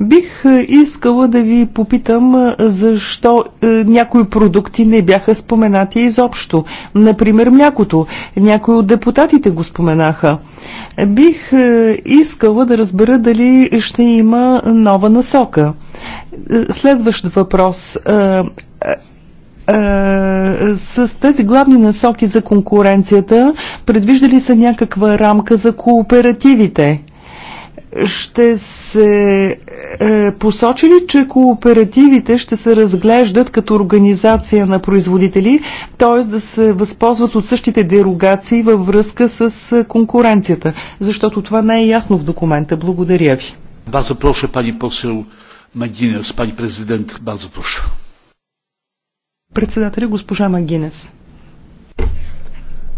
Бих е, искала да ви попитам е, защо е, някои продукти не бяха споменати изобщо. Например, млякото. Някои от депутатите го споменаха. Бих искала да разбера дали ще има нова насока. Следващ въпрос с тези главни насоки за конкуренцията, предвижда ли са някаква рамка за кооперативите? ще се е, посочили, че кооперативите ще се разглеждат като организация на производители, т.е. да се възползват от същите дерогации във връзка с е, конкуренцията, защото това не е ясно в документа. Благодаря ви. Bardzo проша, пани посел Магинес, пани президент, bardzo проша. Председателя госпожа Магинес.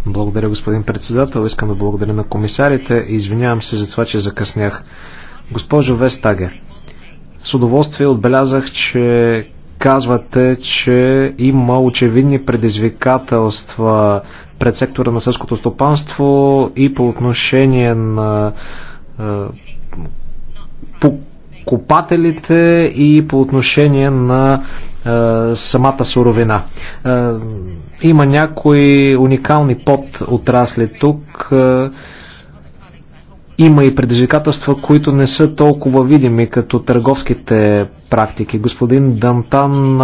Благодаря, господин председател. Искам да благодаря на комисарите и извинявам се за това, че закъснях. Госпожо Вестагер, с удоволствие отбелязах, че казвате, че има очевидни предизвикателства пред сектора на сърското стопанство и по отношение на е, по копателите и по отношение на е, самата суровина. Е, има някои уникални подотрасли тук. Е, има и предизвикателства, които не са толкова видими като търговските практики. Господин Дантан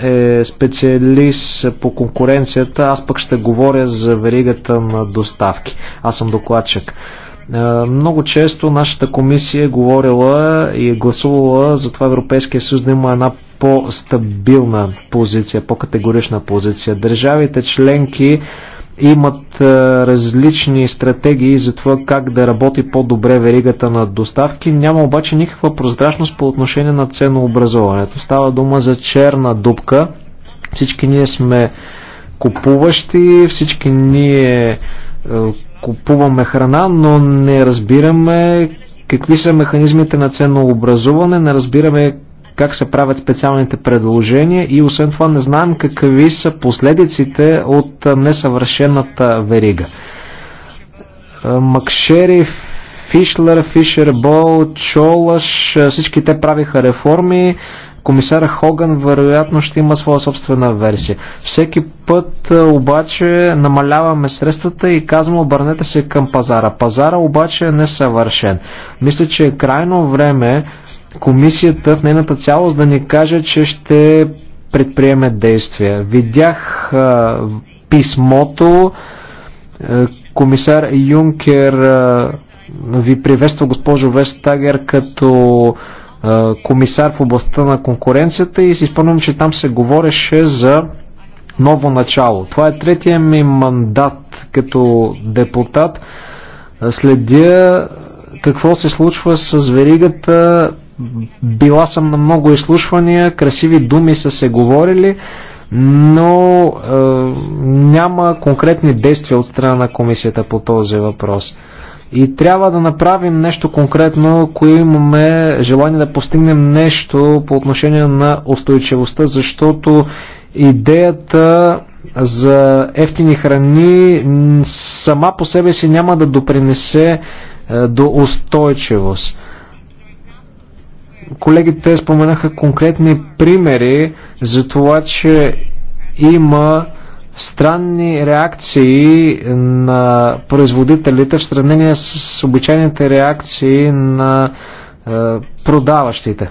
е специалист по конкуренцията, аз пък ще говоря за веригата на доставки. Аз съм докладчик. Е, много често нашата комисия е говорила и е гласувала за това Европейския съюз да има една по-стабилна позиция, по-категорична позиция. Държавите членки имат е, различни стратегии за това как да работи по-добре веригата на доставки. Няма обаче никаква прозрачност по отношение на ценообразуването. Става дума за черна дупка. Всички ние сме купуващи, всички ние е, купуваме храна, но не разбираме какви са механизмите на ценообразуване, не разбираме как се правят специалните предложения и освен това не знаем какви са последиците от несъвършената верига. Е, Макшери, Фишлер, Фишербол, Чолаш, е, всички те правиха реформи, Комисар Хоган вероятно ще има своя собствена версия. Всеки път е, обаче намаляваме средствата и казваме обърнете се към пазара. Пазара обаче е несъвършен. Мисля, че е крайно време комисията в нейната цялост да ни каже, че ще предприеме действия. Видях а, е, писмото, е, комисар Юнкер а, ви приветства госпожо Вестагер като а, комисар в областта на конкуренцията и си спомням, че там се говореше за ново начало. Това е третия ми мандат като депутат. Следя какво се случва с веригата. Била съм на много изслушвания, красиви думи са се говорили, но е, няма конкретни действия от страна на комисията по този въпрос. И трябва да направим нещо конкретно, ако имаме желание да постигнем нещо по отношение на устойчивостта, защото идеята за ефтини храни сама по себе си няма да допринесе е, до устойчивост. Колегите споменаха конкретни примери за това, че има странни реакции на производителите в сравнение с обичайните реакции на е, продаващите.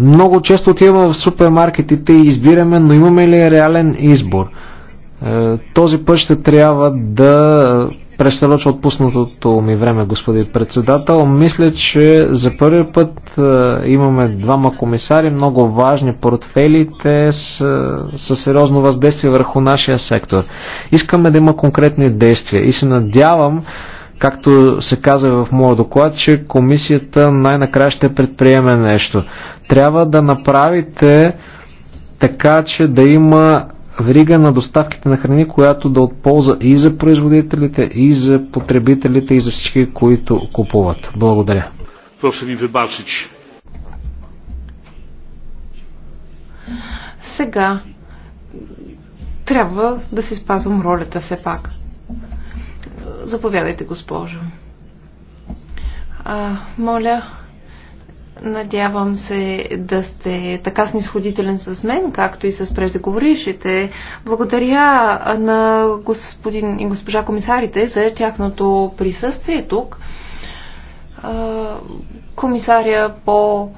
Много често отиваме в супермаркетите и избираме, но имаме ли реален избор? Е, този път ще трябва да пресроча отпуснатото ми време, господин председател. Мисля, че за първи път е, имаме двама комисари, много важни портфелите с, с сериозно въздействие върху нашия сектор. Искаме да има конкретни действия и се надявам, както се каза в моя доклад, че комисията най-накрая ще предприеме нещо. Трябва да направите така, че да има верига на доставките на храни, която да отполза и за производителите, и за потребителите, и за всички, които купуват. Благодаря. Прошу ви вибачич. Сега трябва да си спазвам ролята все пак. Заповядайте, госпожо. А, моля, Надявам се да сте така снисходителен с мен, както и с преждеговорившите. Благодаря на господин и госпожа комисарите за тяхното присъствие тук. Комисаря по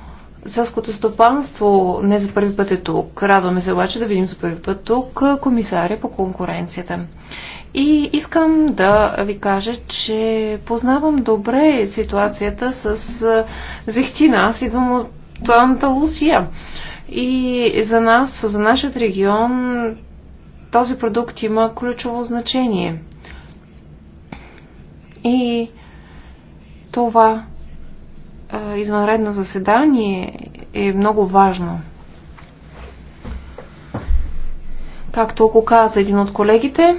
Селското стопанство не за първи път е тук. Радваме се обаче да видим за първи път тук комисаря по конкуренцията. И искам да ви кажа, че познавам добре ситуацията с зехтина. Аз идвам от Анталусия. И за нас, за нашия регион, този продукт има ключово значение. И това извънредно заседание е много важно. Както око каза един от колегите,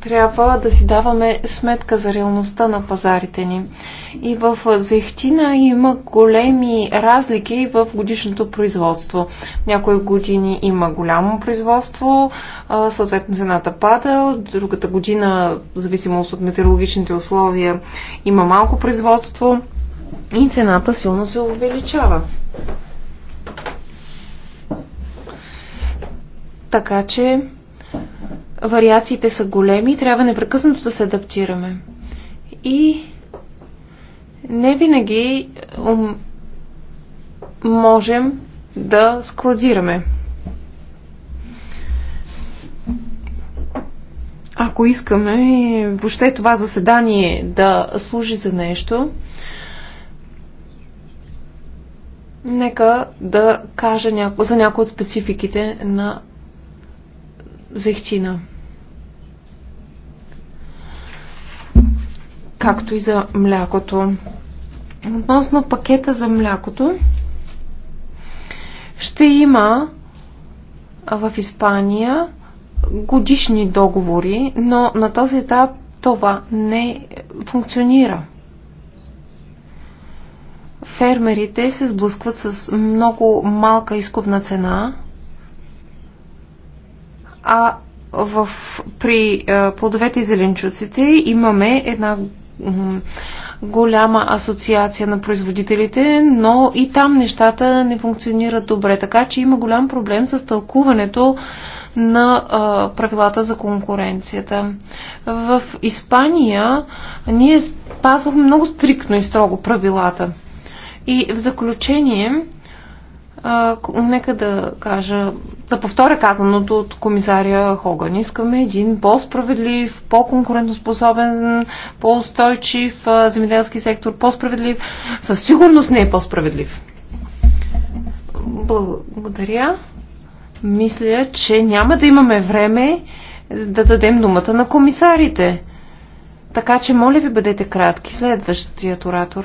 трябва да си даваме сметка за реалността на пазарите ни. И в зехтина има големи разлики в годишното производство. Някои години има голямо производство, съответно цената пада, другата година, в зависимост от метеорологичните условия, има малко производство и цената силно се увеличава. Така че вариациите са големи и трябва непрекъснато да се адаптираме. И не винаги можем да складираме. Ако искаме въобще това заседание да служи за нещо, Нека да кажа няко, за някои от спецификите на зехтина. Както и за млякото. Относно пакета за млякото, ще има в Испания годишни договори, но на този етап това не функционира фермерите се сблъскват с много малка изкупна цена, а в, при а, е, плодовете и зеленчуците имаме една голяма асоциация на производителите, но и там нещата не функционират добре. Така че има голям проблем с тълкуването на а, е, правилата за конкуренцията. В Испания ние пазвахме много стрикно и строго правилата. И в заключение, а, нека да кажа, да повторя казаното от комисаря Хоган. Искаме един по-справедлив, по-конкурентоспособен, по-устойчив земеделски сектор, по-справедлив. Със сигурност не е по-справедлив. Благодаря. Мисля, че няма да имаме време да дадем думата на комисарите. Така че, моля ви, бъдете кратки. Следващият оратор.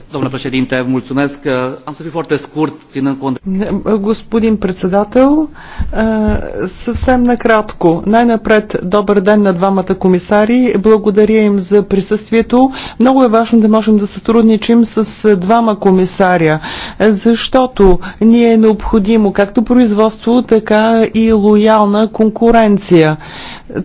Domnule președinte, mulțumesc. Am să fiu foarte scurt, ținând cont... Господин председател, е, съвсем накратко. Най-напред, добър ден на двамата комисари. Благодаря им за присъствието. Много е важно да можем да сътрудничим с двама комисаря, защото ни е необходимо както производство, така и лоялна конкуренция.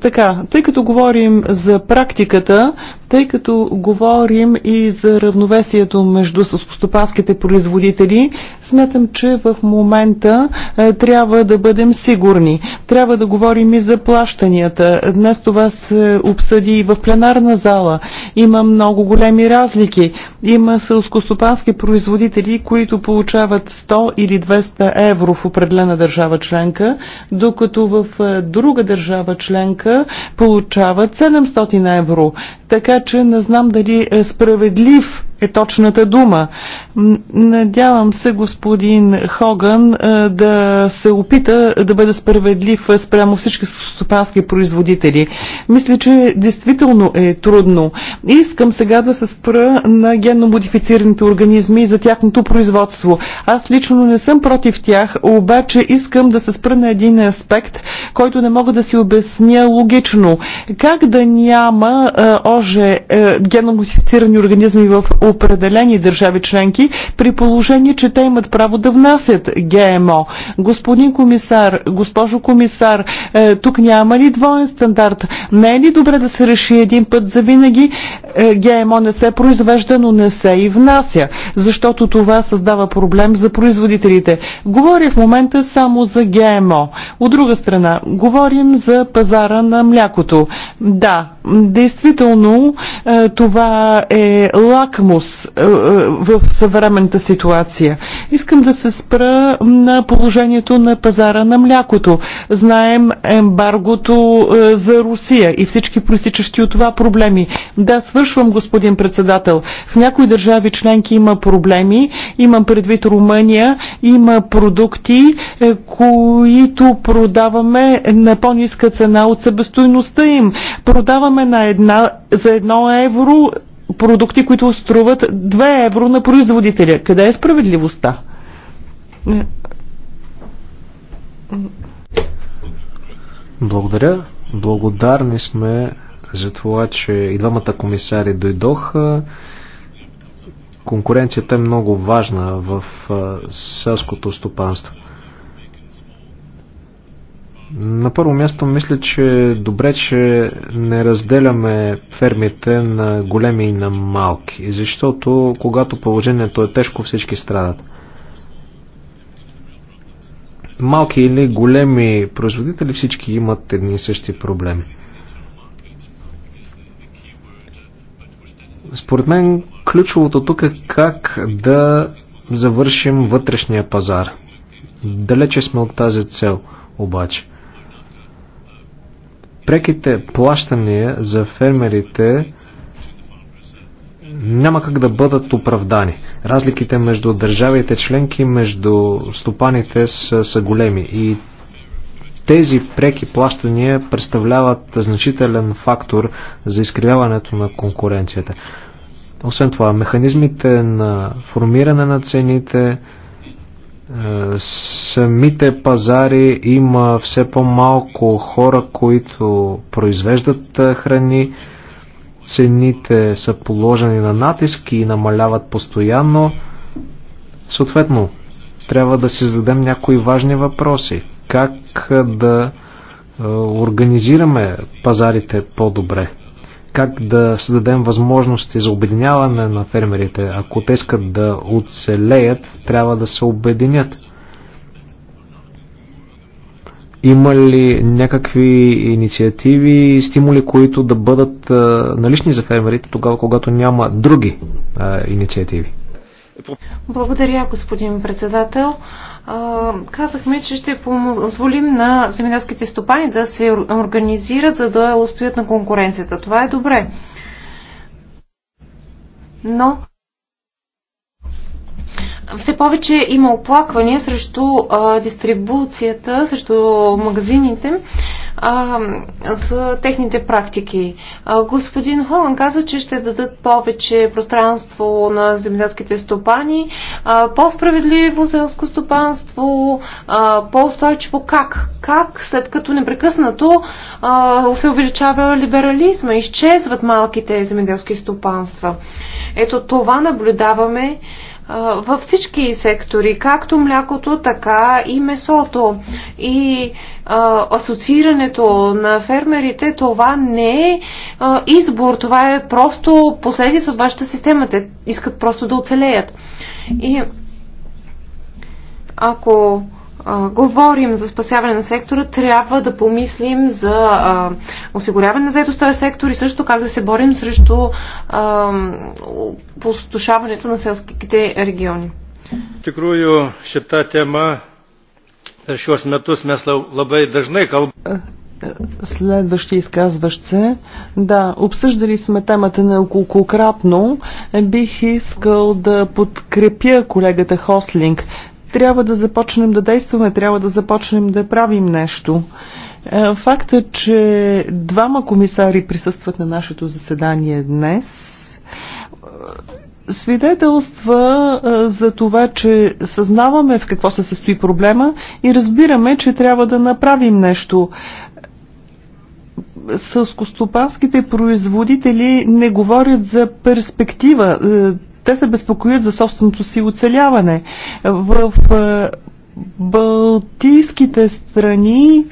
Така, тъй като говорим за практиката, тъй като говорим и за равновесието между съскостопанските производители, смятам, че в момента е, трябва да бъдем сигурни. Трябва да говорим и за плащанията. Днес това се обсъди и в пленарна зала. Има много големи разлики. Има съскостопански производители, които получават 100 или 200 евро в определена държава членка, докато в е, друга държава членка получават 700 евро. Така че не знам дали е справедлив е точната дума. Надявам се господин Хоган е, да се опита да бъде справедлив спрямо всички стопански производители. Мисля, че действително е трудно. Искам сега да се спра на генно модифицираните организми и за тяхното производство. Аз лично не съм против тях, обаче искам да се спра на един аспект, който не мога да си обясня логично. Как да няма оже е, генно модифицирани организми в определени държави членки, при положение, че те имат право да внасят ГМО. Господин комисар, госпожо комисар, е, тук няма ли двоен стандарт? Не е ли добре да се реши един път за винаги? Е, ГМО не се произвежда, но не се и внася, защото това създава проблем за производителите. Говоря в момента само за ГМО. От друга страна, говорим за пазара на млякото. Да, действително е, това е лакмус принос е, е, в съвременната ситуация. Искам да се спра на положението на пазара на млякото. Знаем ембаргото е, за Русия и всички проистичащи от това проблеми. Да, свършвам, господин председател. В някои държави членки има проблеми. Имам предвид Румъния. Има продукти, които продаваме на по-ниска цена от себестойността им. Продаваме на една, за едно евро продукти, които струват 2 евро на производителя. Къде е справедливостта? Благодаря. Благодарни сме за това, че и двамата комисари дойдоха. Конкуренцията е много важна в селското стопанство. На първо място мисля, че добре, че не разделяме фермите на големи и на малки, защото когато положението е тежко, всички страдат. Малки или големи производители всички имат едни и същи проблеми. Според мен ключовото тук е как да завършим вътрешния пазар. Далече сме от тази цел обаче преките плащания за фермерите няма как да бъдат оправдани. Разликите между държавите членки, между стопаните са, са големи и тези преки плащания представляват значителен фактор за изкривяването на конкуренцията. Освен това, механизмите на формиране на цените, е, самите пазари има все по-малко хора, които произвеждат е, храни. Цените са положени на натиск и намаляват постоянно. Съответно, трябва да си зададем някои важни въпроси. Как е, да организираме пазарите по-добре? как да създадем възможности за обединяване на фермерите. Ако те искат да оцелеят, трябва да се обединят. Има ли някакви инициативи и стимули, които да бъдат налични за фермерите тогава, когато няма други а, инициативи? Благодаря, господин председател казахме, че ще позволим на земеделските стопани да се организират, за да устоят на конкуренцията. Това е добре. Но все повече има оплаквания срещу а, дистрибуцията, срещу магазините а, за техните практики. А, господин Холън каза, че ще дадат повече пространство на земеделските стопани, по-справедливо селско стопанство, по-устойчиво как? Как след като непрекъснато а, се увеличава либерализма, изчезват малките земеделски стопанства? Ето това наблюдаваме във всички сектори, както млякото, така и месото. И а, асоциирането на фермерите, това не е а, избор, това е просто последица от вашата система. Те искат просто да оцелеят. И ако говорим за спасяване на сектора, трябва да помислим за а, осигуряване на заедост този сектор и също как да се борим срещу а, пустошаването на селските региони. Тикрую, шита тема per šiuos metus mes labai dažnai kalbame. Следващи изказващ се. Да, обсъждали сме темата неколкократно. Бих искал да подкрепя колегата Хослинг трябва да започнем да действаме, трябва да започнем да правим нещо. Е, Факта, е, че двама комисари присъстват на нашето заседание днес, свидетелства е, за това, че съзнаваме в какво се състои проблема и разбираме, че трябва да направим нещо сълскостопанските производители не говорят за перспектива. Те се безпокоят за собственото си оцеляване. В е, Балтийските страни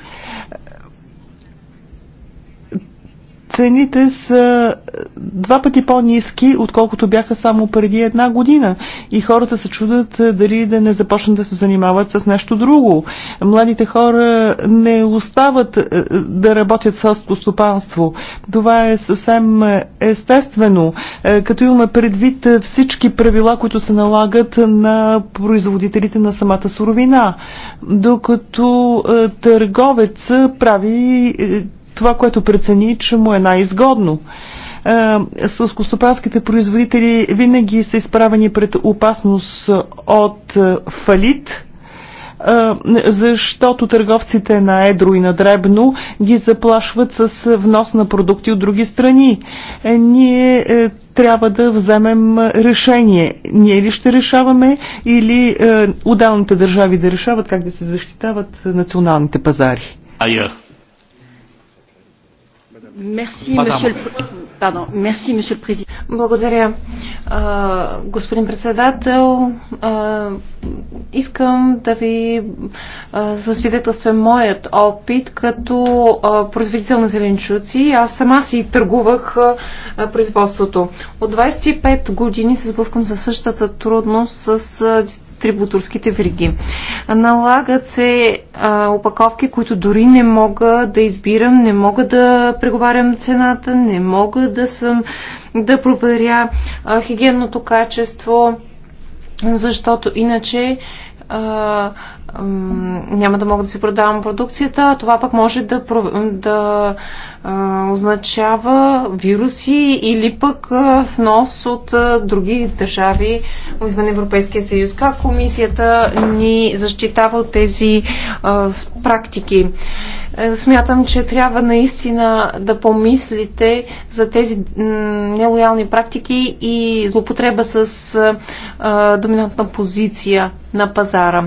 цените са е, два пъти по-низки, отколкото бяха само преди една година. И хората се чудат е, дали да не започнат да се занимават с нещо друго. Младите хора не остават е, да работят селско стопанство. Това е съвсем естествено, като имаме предвид всички правила, които се налагат на производителите на самата суровина. Докато търговец прави това, което прецени, че му е най-изгодно. Е, сълскостопанските производители винаги са изправени пред опасност от е, фалит, е, защото търговците на едро и на дребно ги заплашват с внос на продукти от други страни. Ние трябва да вземем решение. Ние ли ще решаваме или отдалните държави да решават как да се защитават националните пазари? Ая. Благодаря. Господин председател, искам да ви засвидетелствя моят опит като производител на зеленчуци. Аз сама си търгувах производството. От 25 години се сблъсквам за същата трудност с дистрибуторските вриги. Налагат се а, опаковки, които дори не мога да избирам, не мога да преговарям цената, не мога да съм да проверя а, хигиенното качество, защото иначе а, няма да мога да си продавам продукцията, това пък може да, да а, означава вируси или пък внос от а, други държави извън Европейския съюз. Как комисията ни защитава от тези а, практики? Е, смятам, че трябва наистина да помислите за тези нелоялни практики и злопотреба с доминантна позиция на пазара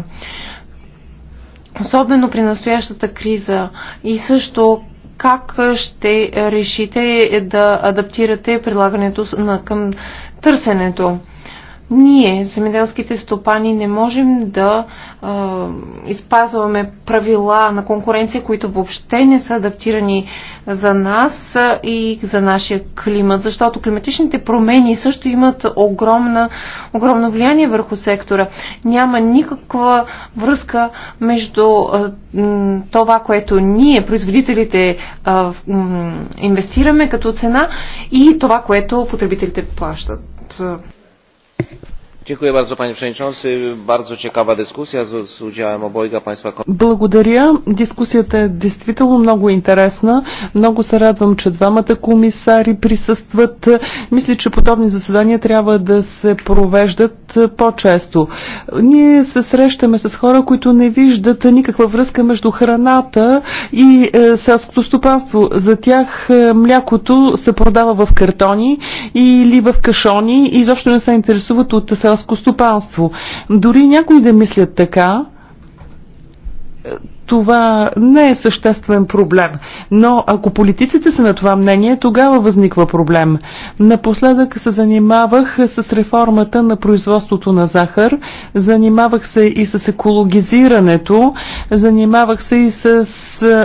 особено при настоящата криза и също как ще решите да адаптирате прилагането на, към търсенето. Ние, земеделските стопани, не можем да а, изпазваме правила на конкуренция, които въобще не са адаптирани за нас и за нашия климат, защото климатичните промени също имат огромна, огромно влияние върху сектора. Няма никаква връзка между а, това, което ние, производителите, а, инвестираме като цена и това, което потребителите плащат. Благодаря. Дискусията е действително много интересна. Много се радвам, че двамата комисари присъстват. Мисля, че подобни заседания трябва да се провеждат по-често. Ние се срещаме с хора, които не виждат никаква връзка между храната и е, селското стопанство. За тях е, млякото се продава в картони или в кашони и изобщо не се интересуват от селското селско стопанство. Дори някои да мислят така, това не е съществен проблем. Но ако политиците са на това мнение, тогава възниква проблем. Напоследък се занимавах с реформата на производството на захар, занимавах се и с екологизирането, занимавах се и с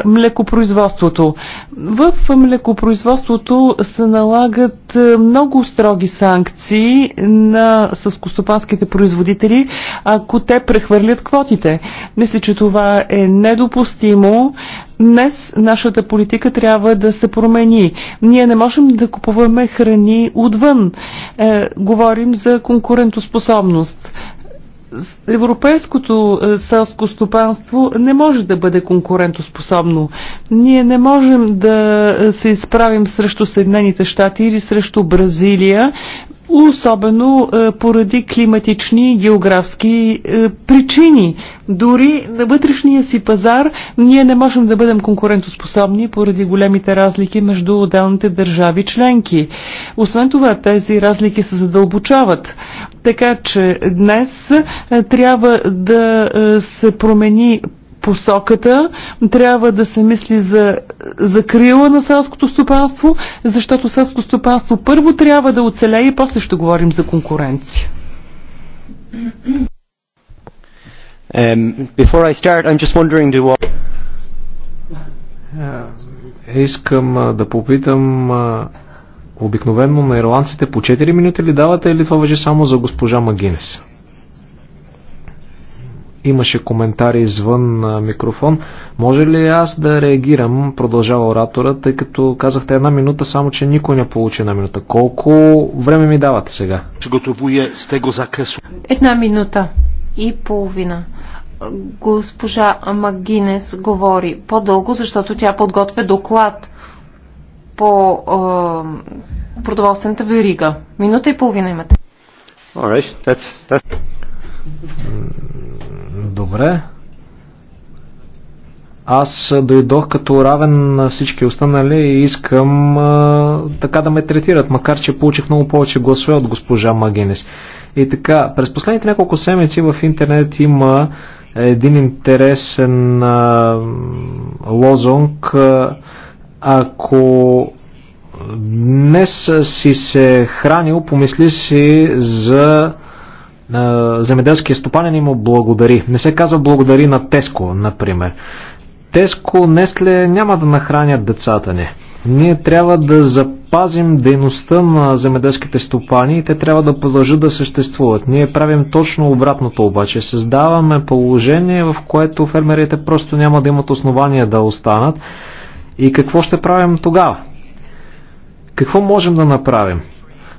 млекопроизводството. В млекопроизводството се налагат много строги санкции на съскостопанските производители, ако те прехвърлят квотите. Мисля, че това е не недопустимо. Днес нашата политика трябва да се промени. Ние не можем да купуваме храни отвън. Е, говорим за конкурентоспособност. Европейското е, селско стопанство не може да бъде конкурентоспособно. Ние не можем да се изправим срещу Съединените щати или срещу Бразилия, особено е, поради климатични и географски е, причини. Дори на вътрешния си пазар ние не можем да бъдем конкурентоспособни поради големите разлики между отделните държави членки. Освен това, тези разлики се задълбочават. Така че днес е, трябва да се промени посоката. Трябва да се мисли за закрила на селското стопанство, защото селското стопанство първо трябва да оцелее и после ще говорим за конкуренция. Um, before I start, I'm just wondering do what... Е, искам uh, да попитам uh, обикновено на ирландците по 4 минути ли давате или това въже само за госпожа Магинес? Имаше коментари извън микрофон. Може ли аз да реагирам, продължава оратора, тъй като казахте една минута, само че никой не получи една минута. Колко време ми давате сега? Една минута и половина. Госпожа Магинес говори по-дълго, защото тя подготвя доклад по е, продоволствената верига. Минута и половина имате. Alright, that's, that's... Добре. Аз дойдох като равен на всички останали и искам а, така да ме третират, макар че получих много повече гласове от госпожа Магинес. И така, през последните няколко седмици в интернет има един интересен а, лозунг. ако днес си се хранил, помисли си за е, земеделския стопанин му благодари. Не се казва благодари на Теско, например. Теско, Нестле няма да нахранят децата ни. Ние трябва да запазим дейността на земеделските стопани и те трябва да продължат да съществуват. Ние правим точно обратното обаче. Създаваме положение, в което фермерите просто няма да имат основания да останат. И какво ще правим тогава? Какво можем да направим?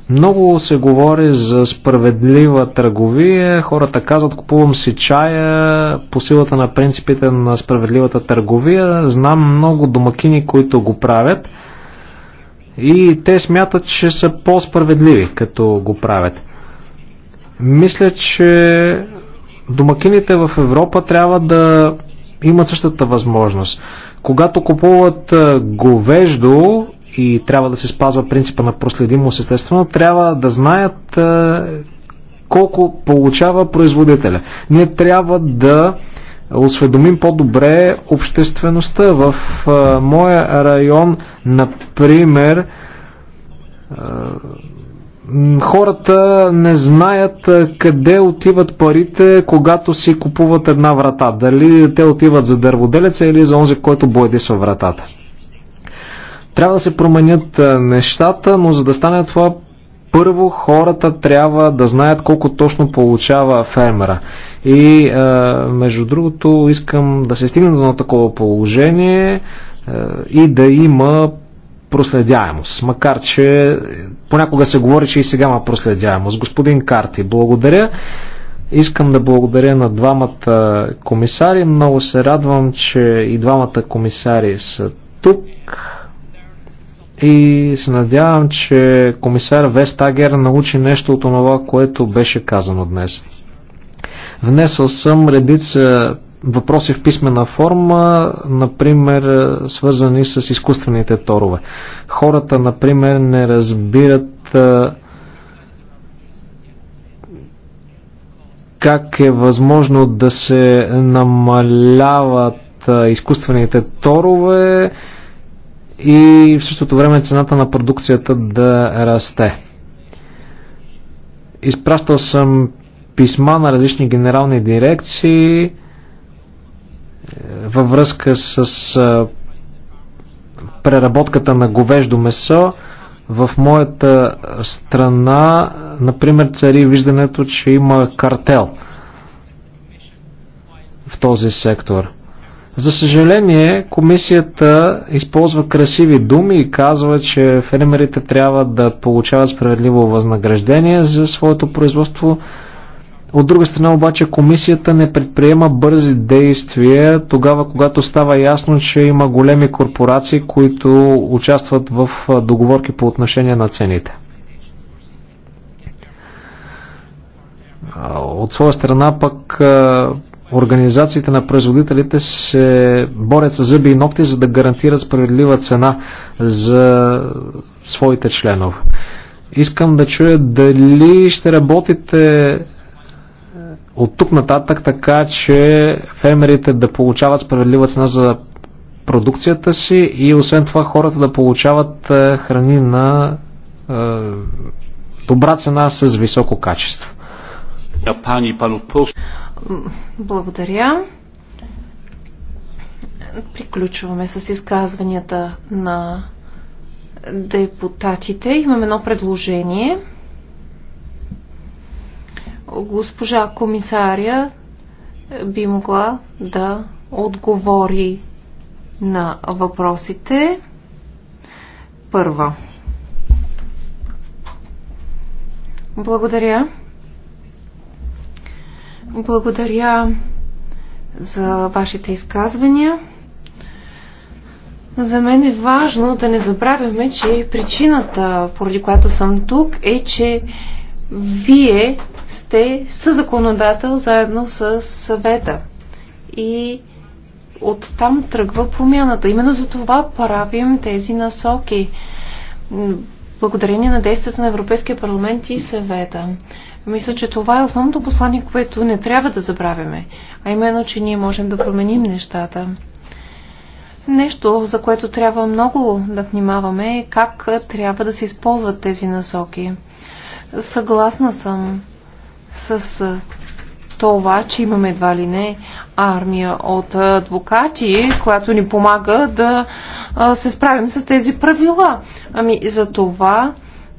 Много се говори за справедлива търговия. Хората казват, купувам си чая по силата на принципите на справедливата търговия. Знам много домакини, които го правят. И те смятат, че са по-справедливи, като го правят. Мисля, че домакините в Европа трябва да имат същата възможност. Когато купуват говеждо, и трябва да се спазва принципа на проследимост, естествено, трябва да знаят е, колко получава производителя. Ние трябва да осведомим по-добре обществеността. В а, е, моя район, например, а, е, хората не знаят а, къде отиват парите, когато си купуват една врата. Дали те отиват за дърводелеца или за онзи, който бойди са вратата. Трябва да се променят нещата, но за да стане това първо хората трябва да знаят колко точно получава фермера. И между другото искам да се стигне до едно такова положение и да има проследяемост. Макар, че понякога се говори, че и сега има проследяемост. Господин Карти, благодаря. Искам да благодаря на двамата комисари. Много се радвам, че и двамата комисари са тук и се надявам, че комисар Вестагер научи нещо от това, което беше казано днес. Внесъл съм редица въпроси в писмена форма, например, свързани с изкуствените торове. Хората, например, не разбират как е възможно да се намаляват изкуствените торове, и в същото време цената на продукцията да расте. Изпращал съм писма на различни генерални дирекции е, във връзка с е, преработката на говеждо месо. В моята страна, например, цари виждането, че има картел в този сектор – за съжаление, комисията използва красиви думи и казва, че фермерите трябва да получават справедливо възнаграждение за своето производство. От друга страна обаче комисията не предприема бързи действия тогава, когато става ясно, че има големи корпорации, които участват в договорки по отношение на цените. От своя страна пък Организациите на производителите се борят с зъби и ногти, за да гарантират справедлива цена за своите членове. Искам да чуя дали ще работите от тук нататък така, че фермерите да получават справедлива цена за продукцията си и освен това хората да получават е, храни на е, добра цена с високо качество. пани благодаря. Приключваме с изказванията на депутатите. Имам едно предложение. Госпожа комисаря би могла да отговори на въпросите. Първа. Благодаря. Благодаря за вашите изказвания. За мен е важно да не забравяме, че причината, поради която съм тук, е, че вие сте съзаконодател заедно с съвета. И оттам тръгва промяната. Именно за това правим тези насоки. Благодарение на действието на Европейския парламент и съвета. Мисля, че това е основното послание, което не трябва да забравяме, а именно, че ние можем да променим нещата. Нещо, за което трябва много да внимаваме е как трябва да се използват тези насоки. Съгласна съм с това, че имаме едва ли не армия от адвокати, която ни помага да се справим с тези правила. Ами за това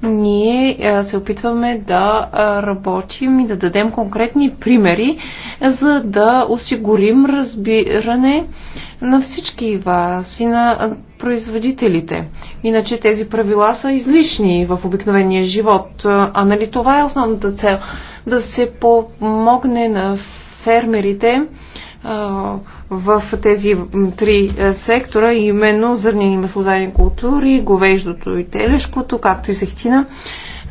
ние се опитваме да работим и да дадем конкретни примери, за да осигурим разбиране на всички вас и на производителите. Иначе тези правила са излишни в обикновения живот. А нали това е основната цел? Да се помогне на фермерите в тези три е, сектора, именно зърнени маслодайни култури, говеждото и телешкото, както и сехтина,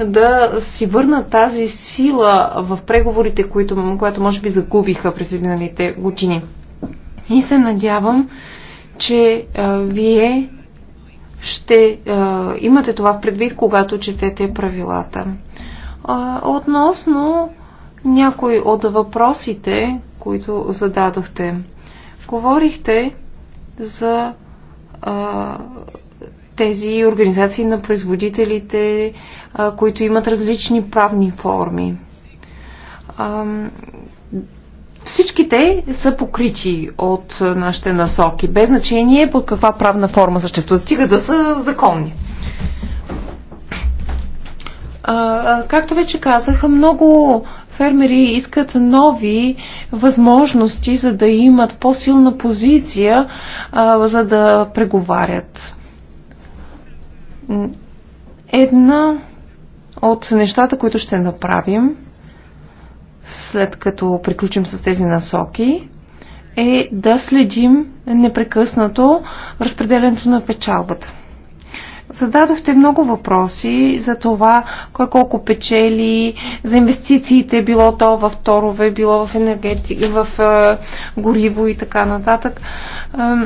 да си върнат тази сила в преговорите, които, която може би загубиха през изминалите години. И се надявам, че а, е, вие ще а, е, имате това в предвид, когато четете правилата. А, относно някои от въпросите, които зададохте. Говорихте за а, тези организации на производителите, а, които имат различни правни форми. А, всички те са покрити от нашите насоки, без значение под каква правна форма съществуват, стига да са законни. А, както вече казах, много фермери искат нови възможности, за да имат по-силна позиция, а, за да преговарят. Една от нещата, които ще направим, след като приключим с тези насоки, е да следим непрекъснато разпределянето на печалбата. Зададохте много въпроси за това кой колко печели, за инвестициите, било то в торове, било в енергетика, в е, гориво и така нататък. Е,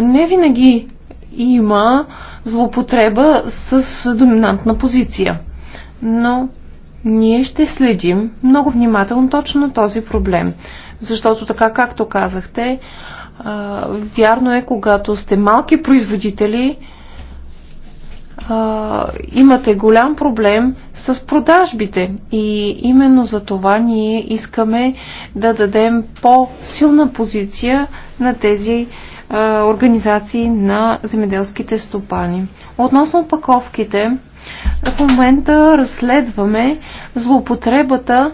не винаги има злопотреба с доминантна позиция, но ние ще следим много внимателно точно този проблем. Защото така, както казахте, вярно е, когато сте малки производители, а, имате голям проблем с продажбите. И именно за това ние искаме да дадем по-силна позиция на тези а, организации на земеделските стопани. Относно опаковките, в момента разследваме злоупотребата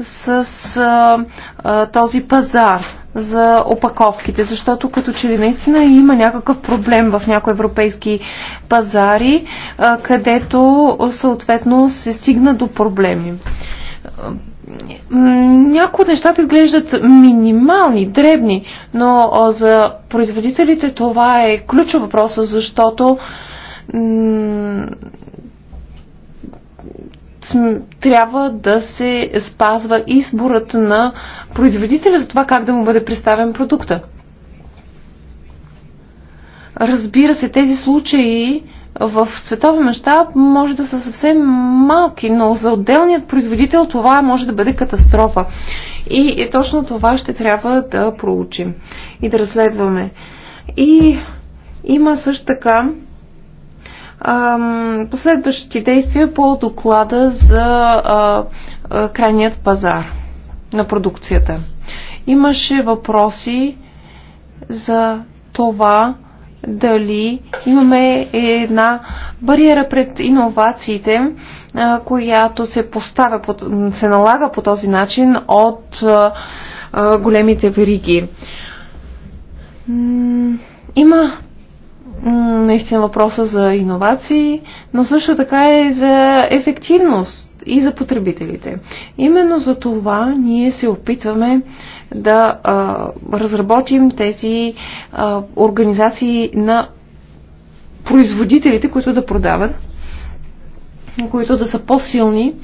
с а, а, този пазар за опаковките, защото като че ли наистина има някакъв проблем в някои европейски пазари, където съответно се стигна до проблеми. Някои от нещата изглеждат минимални, дребни, но за производителите това е ключов въпрос, защото трябва да се спазва изборът на производителя за това как да му бъде представен продукта. Разбира се, тези случаи в световен мащаб може да са съвсем малки, но за отделният производител това може да бъде катастрофа. И, и точно това ще трябва да проучим и да разследваме. И има също така последващи действия по доклада за крайният пазар на продукцията. Имаше въпроси за това дали имаме една бариера пред иновациите, която се поставя, се налага по този начин от големите вериги. Има наистина въпроса за иновации, но също така и за ефективност и за потребителите. Именно за това ние се опитваме да а, разработим тези а, организации на производителите, които да продават, които да са по-силни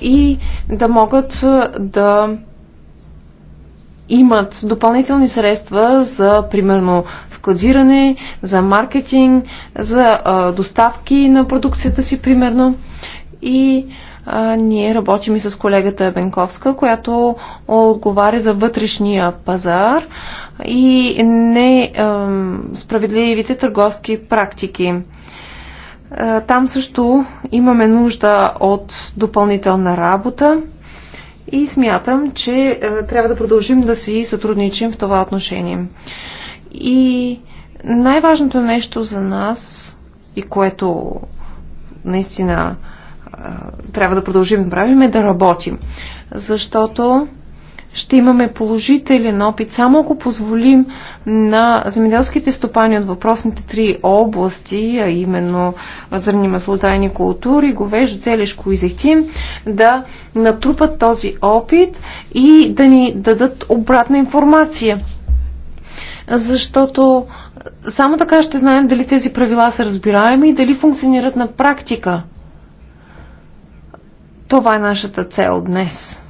и да могат да имат допълнителни средства за, примерно, складиране, за маркетинг, за а, доставки на продукцията си, примерно. И а, ние работим и с колегата Бенковска, която отговаря за вътрешния пазар и не справедливите търговски практики. А, там също имаме нужда от допълнителна работа и смятам, че е, трябва да продължим да си сътрудничим в това отношение. И най-важното нещо за нас и което наистина е, трябва да продължим да правим е да работим. Защото ще имаме положителен опит, само ако позволим на земеделските стопани от въпросните три области, а именно зърни, маслодайни култури, говеждо, телешко и зехтим, да натрупат този опит и да ни дадат обратна информация. Защото само така ще знаем дали тези правила са разбираеми и дали функционират на практика. Това е нашата цел днес.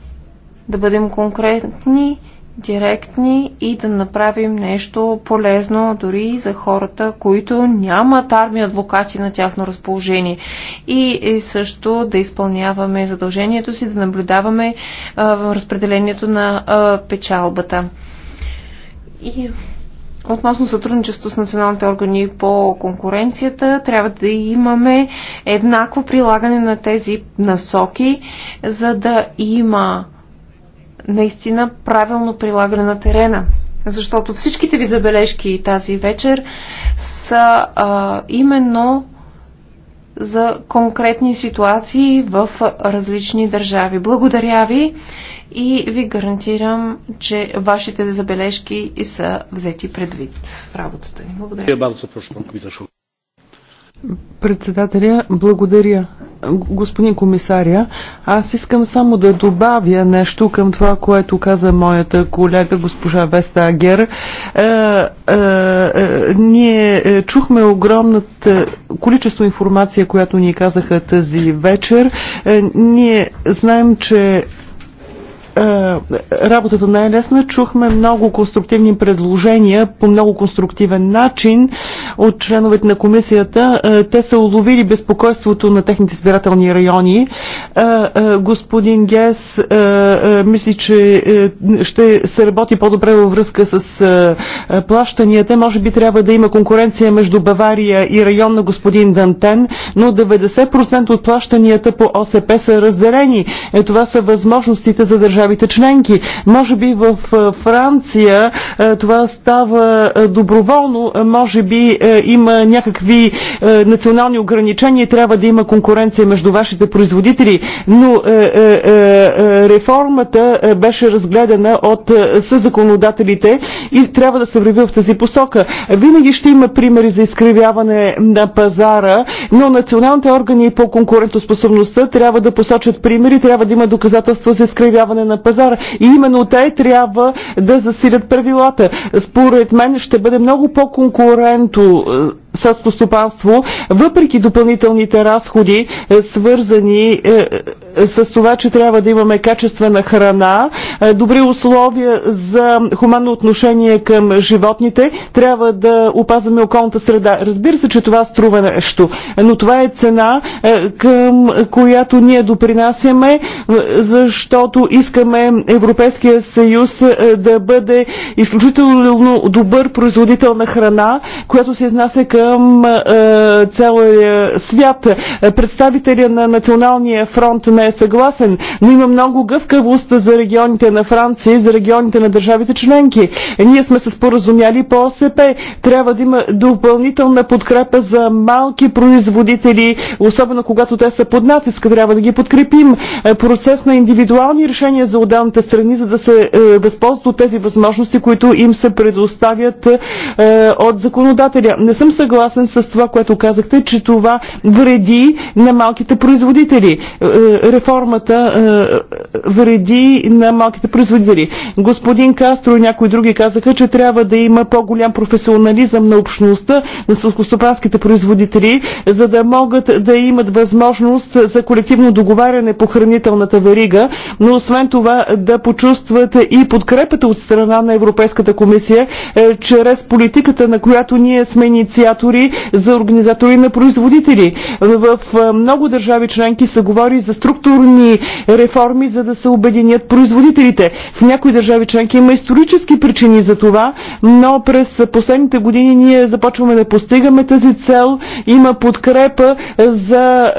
Да бъдем конкретни директни и да направим нещо полезно дори за хората, които нямат армия адвокати на тяхно разположение. И, и също да изпълняваме задължението си, да наблюдаваме а, разпределението на а, печалбата. И относно сътрудничество с националните органи по конкуренцията, трябва да имаме еднакво прилагане на тези насоки, за да има наистина правилно прилагане на терена. Защото всичките ви забележки тази вечер са а, именно за конкретни ситуации в различни държави. Благодаря ви и ви гарантирам, че вашите забележки са взети предвид в работата ни. Благодаря. Председателя, благодаря. Господин комисаря, аз искам само да добавя нещо към това, което каза моята колега госпожа Вестагер. Е, е, е, ние е, чухме огромната количество информация, която ни казаха тази вечер. Е, ние знаем, че е, работата не е лесна. Чухме много конструктивни предложения по много конструктивен начин от членовете на комисията. Е, те са уловили безпокойството на техните избирателни райони. Е, господин Гес мисли, че ще се работи по-добре във връзка с плащанията. Може би трябва да има конкуренция между Бавария и район на господин Дантен, но 90% от плащанията по ОСП са разделени. Е, това са възможностите за държава държавите членки. Може би в е, Франция е, това става е, доброволно, може би има някакви национални ограничения, трябва да има конкуренция между вашите производители, но реформата беше разгледана от съзаконодателите и трябва да се върви в тази посока. Винаги ще има примери за изкривяване на пазара, но националните органи по конкурентоспособността трябва да посочат примери, трябва да има доказателства за изкривяване на на пазара. И именно те трябва да засилят правилата. Според мен ще бъде много по конкурентно стопанство, въпреки допълнителните разходи, е, свързани е, е, с това, че трябва да имаме качествена храна, добри условия за хуманно отношение към животните, трябва да опазваме околната среда. Разбира се, че това струва нещо, но това е цена, към която ние допринасяме, защото искаме Европейския съюз да бъде изключително добър производител на храна, която се изнася към към целия свят. Представителя на Националния фронт не е съгласен, но има много гъвкавост за регионите на Франция и за регионите на държавите членки. Ние сме се споразумяли по ОСП. Трябва да има допълнителна подкрепа за малки производители, особено когато те са под натиск. Трябва да ги подкрепим. Е, процес на индивидуални решения за отделните страни, за да се е, възползват от тези възможности, които им се предоставят е, от законодателя. Не съм съгласен съгласен с това, което казахте, че това вреди на малките производители. Е, реформата е, вреди на малките производители. Господин Кастро и някои други казаха, че трябва да има по-голям професионализъм на общността, на сълкостопанските производители, за да могат да имат възможност за колективно договаряне по хранителната верига, но освен това да почувстват и подкрепата от страна на Европейската комисия, е, чрез политиката, на която ние сме инициатори организатори, за организатори на производители. В много държави членки се говори за структурни реформи, за да се обединят производителите. В някои държави членки има исторически причини за това, но през последните години ние започваме да постигаме тази цел. Има подкрепа за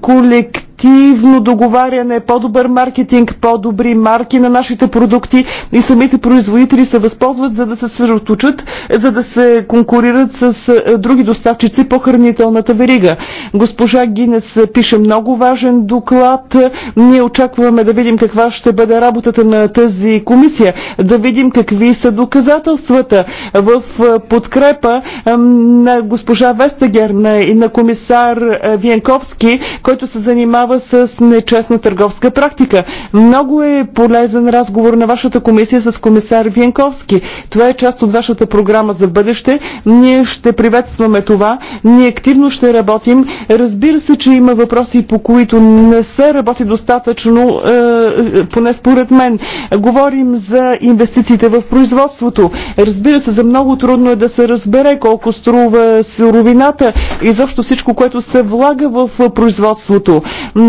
колектив колективно договаряне, по-добър маркетинг, по-добри марки на нашите продукти и самите производители се възползват, за да се съсредоточат, за да се конкурират с е, други доставчици по хранителната верига. Госпожа Гинес пише много важен доклад. Ние очакваме да видим каква ще бъде работата на тази комисия, да видим какви са доказателствата в е, подкрепа на госпожа Вестегер и на комисар е, Виенковски, който се занимава борба с нечестна търговска практика. Много е полезен разговор на вашата комисия с комисар Венковски. Това е част от вашата програма за бъдеще. Ние ще приветстваме това. Ние активно ще работим. Разбира се, че има въпроси, по които не се работи достатъчно, е, поне според мен. Говорим за инвестициите в производството. Разбира се, за много трудно е да се разбере колко струва суровината и защо всичко, което се влага в производството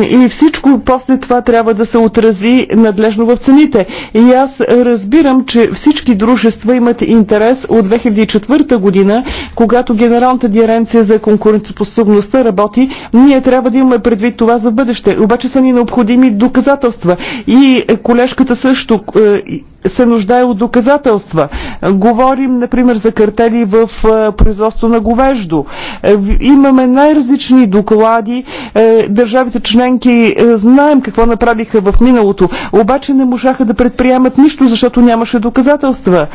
и всичко после това трябва да се отрази надлежно в цените. И аз разбирам, че всички дружества имат интерес от 2004 година, когато Генералната дирекция за конкурентоспособността работи, ние трябва да имаме предвид това за бъдеще. Обаче са ни необходими доказателства. И колежката също е, се нуждае от доказателства. Говорим, например, за картели в е, производство на говеждо. Е, имаме най-различни доклади. Е, държавите членки знаем какво направиха в миналото, обаче не можаха да предприемат нищо, защото нямаше доказателства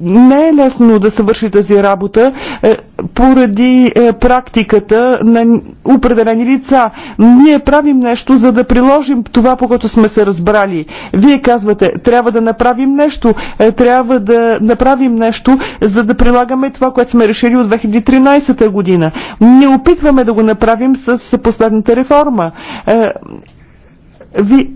не е лесно да се върши тази работа е, поради е, практиката на определени лица. Ние правим нещо, за да приложим това, по което сме се разбрали. Вие казвате, трябва да направим нещо, е, трябва да направим нещо, за да прилагаме това, което сме решили от 2013 година. Не опитваме да го направим с последната реформа. Вие ви,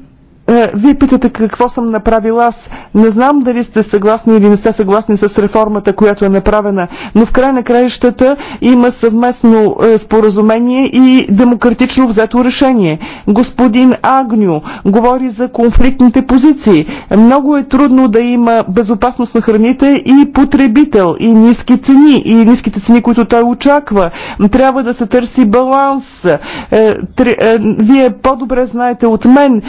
е, вие питате какво съм направил аз. Не знам дали сте съгласни или не сте съгласни с реформата, която е направена, но в край на краищата има съвместно е, споразумение и демократично взето решение. Господин Агню говори за конфликтните позиции. Много е трудно да има безопасност на храните и потребител, и ниски цени, и ниските цени, които той очаква. Трябва да се търси баланс. Е, вие по-добре знаете от мен,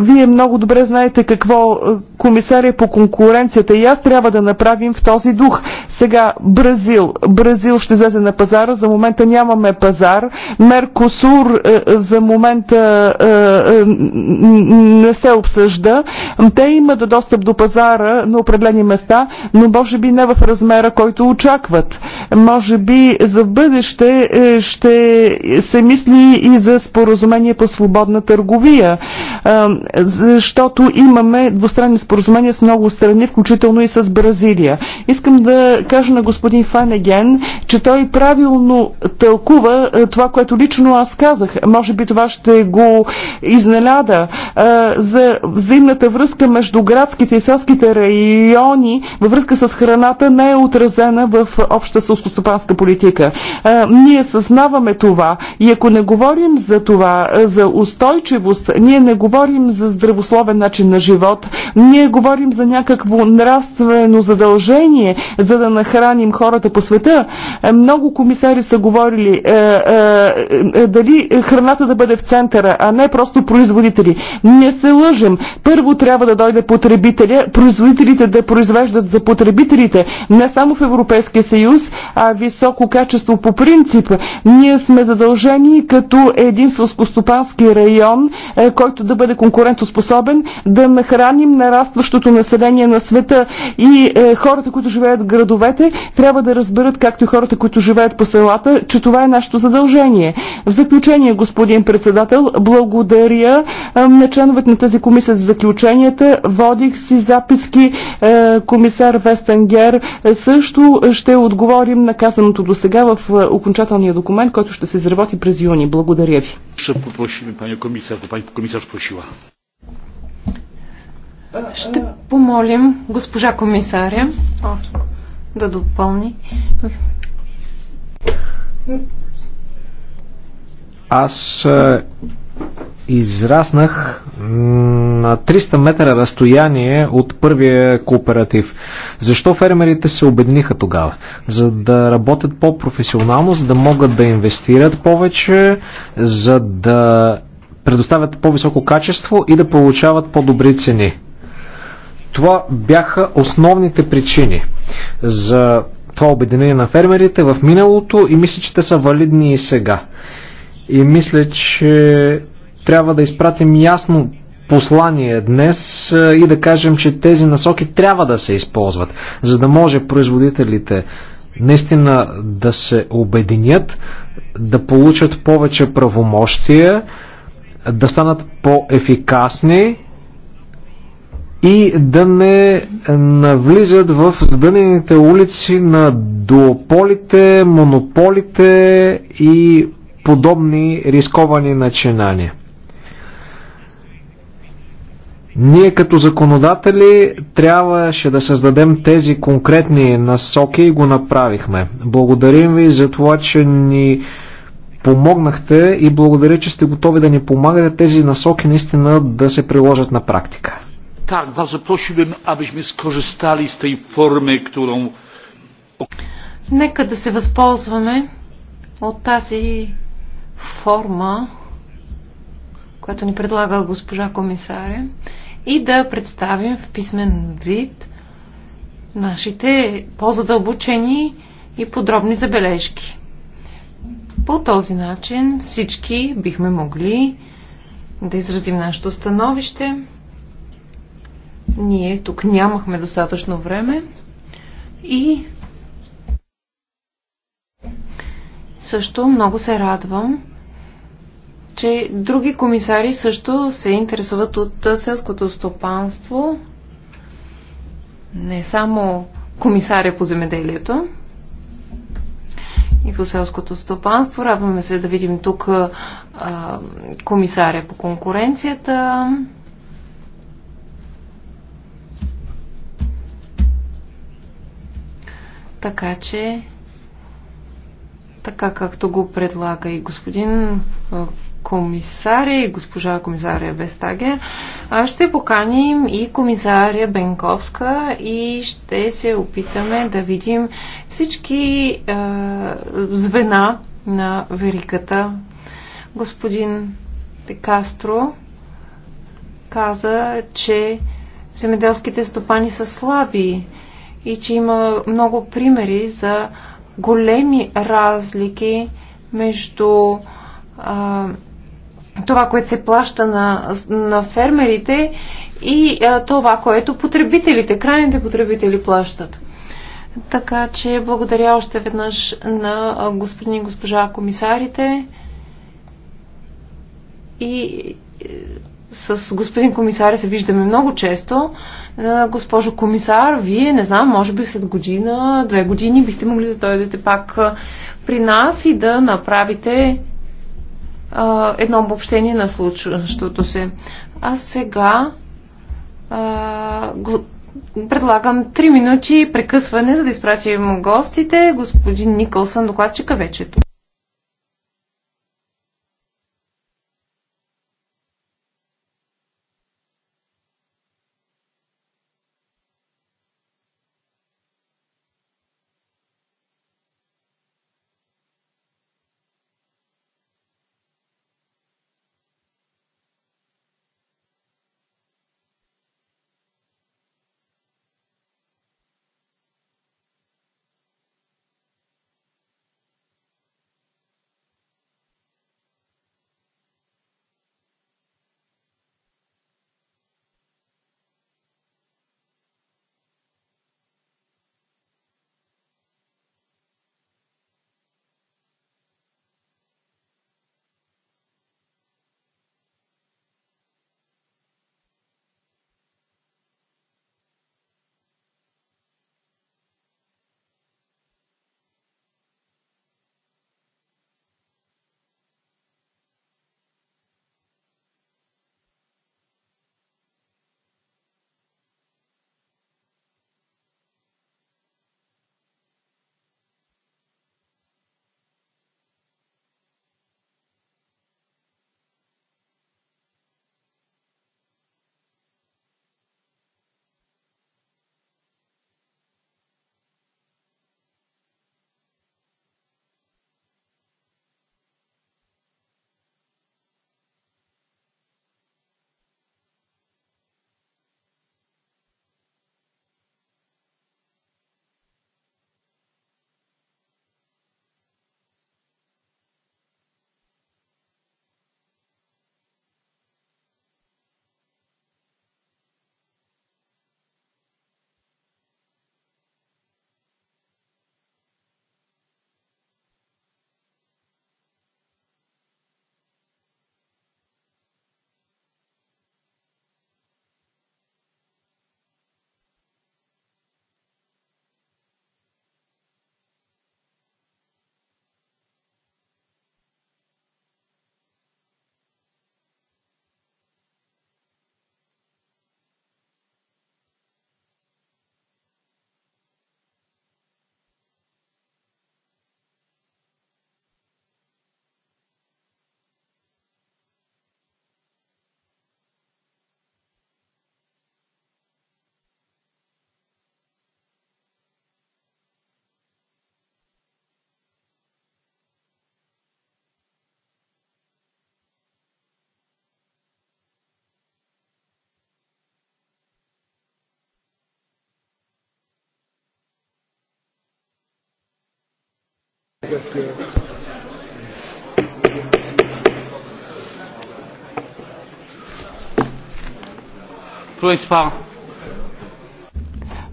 вие много добре знаете какво е, комисаря по конкуренцията и аз трябва да направим в този дух. Сега Бразил. Бразил ще взезе на пазара. За момента нямаме пазар. Меркосур е, за момента е, не се обсъжда. Те имат достъп до пазара на определени места, но може би не в размера, който очакват. Може би за бъдеще ще се мисли и за споразумение по свободна търговия защото имаме двустранни споразумения с много страни, включително и с Бразилия. Искам да кажа на господин Фанеген, че той правилно тълкува това, което лично аз казах. Може би това ще го изненада за взаимната връзка между градските и селските райони във връзка с храната не е отразена в обща сълскостопанска политика. Ние съзнаваме това и ако не говорим за това, за устойчивост, ние не говорим говорим за здравословен начин на живот, ние говорим за някакво нравствено задължение, за да нахраним хората по света. Е, много комисари са говорили е, е, е, дали храната да бъде в центъра, а не просто производители. Не се лъжим. Първо трябва да дойде потребителя, производителите да произвеждат за потребителите, не само в Европейския съюз, а високо качество по принцип. Ние сме задължени като един сълскостопански район, е, който да бъде бъде конкурентоспособен, да нахраним нарастващото население на света и е, хората, които живеят в градовете, трябва да разберат, както и хората, които живеят по селата, че това е нашето задължение. В заключение, господин председател, благодаря е, на членовете на тази комисия за заключенията. Водих си записки. Е, комисар Вестенгер също ще отговорим на казаното до сега в е, окончателния документ, който ще се изработи през юни. Благодаря ви. Ще попросим пани комисар, ако пани комисар спросила. Ще помолим госпожа комисаря да допълни. Аз е, израснах на 300 метра разстояние от първия кооператив. Защо фермерите се обедниха тогава? За да работят по-професионално, за да могат да инвестират повече, за да предоставят по-високо качество и да получават по-добри цени. Това бяха основните причини за това обединение на фермерите в миналото и мисля, че те са валидни и сега. И мисля, че трябва да изпратим ясно послание днес и да кажем, че тези насоки трябва да се използват, за да може производителите наистина да се обединят, да получат повече правомощия, да станат по-ефикасни и да не навлизат в задънените улици на дуополите, монополите и подобни рисковани начинания. Ние като законодатели трябваше да създадем тези конкретни насоки и го направихме. Благодарим ви за това, че ни помогнахте и благодаря, че сте готови да ни помагате тези насоки наистина да се приложат на практика. Tak, bardzo prosiłbym, сме скористали с tej formy, którą... Нека да се възползваме от тази форма, която ни предлага госпожа комисаря, и да представим в писмен вид нашите по-задълбочени и подробни забележки. По този начин всички бихме могли да изразим нашето становище. Ние тук нямахме достатъчно време и също много се радвам, че други комисари също се интересуват от селското стопанство, не само комисаря по земеделието и по селското стопанство. Радваме се да видим тук а, комисаря по конкуренцията. Така че, така както го предлага и господин комисаря и госпожа комисаря Вестаге, ще поканим и комисаря Бенковска и ще се опитаме да видим всички е, звена на вериката. Господин Текастро каза, че земеделските стопани са слаби и че има много примери за големи разлики между а, това, което се плаща на, на фермерите и а, това, което потребителите, крайните потребители плащат. Така че благодаря още веднъж на господин и госпожа комисарите и е, с господин комисаря се виждаме много често. Госпожо комисар, вие, не знам, може би след година, две години бихте могли да дойдете пак при нас и да направите а, едно обобщение на случващото се. А сега а, го, предлагам 3 минути прекъсване, за да изпратим гостите. Господин Никълсън, докладчика, вече е тук.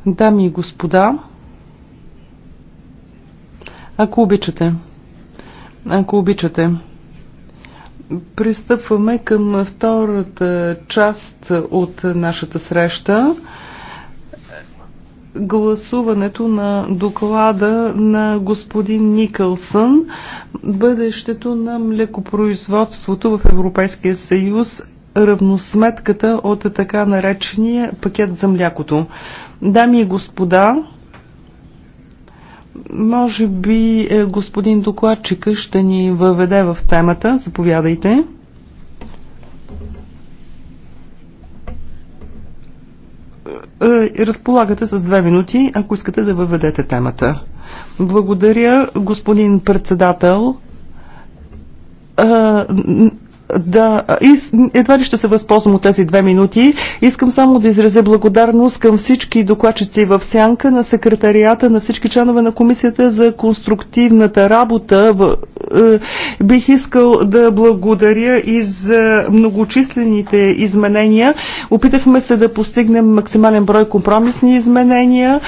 Дами и господа, ако обичате, ако обичате, пристъпваме към втората част от нашата среща гласуването на доклада на господин Никълсън бъдещето на млекопроизводството в Европейския съюз равносметката от така наречения пакет за млякото. Дами и господа, може би е, господин докладчика ще ни въведе в темата. Заповядайте. Е, разполагате с две минути, ако искате да въведете темата. Благодаря, господин председател е, да... Едва ли ще се възползвам от тези две минути. Искам само да изразя благодарност към всички докладчици в Сянка, на секретарията, на всички членове на комисията за конструктивната работа. Е, бих искал да благодаря и за многочислените изменения. Опитахме се да постигнем максимален брой компромисни изменения.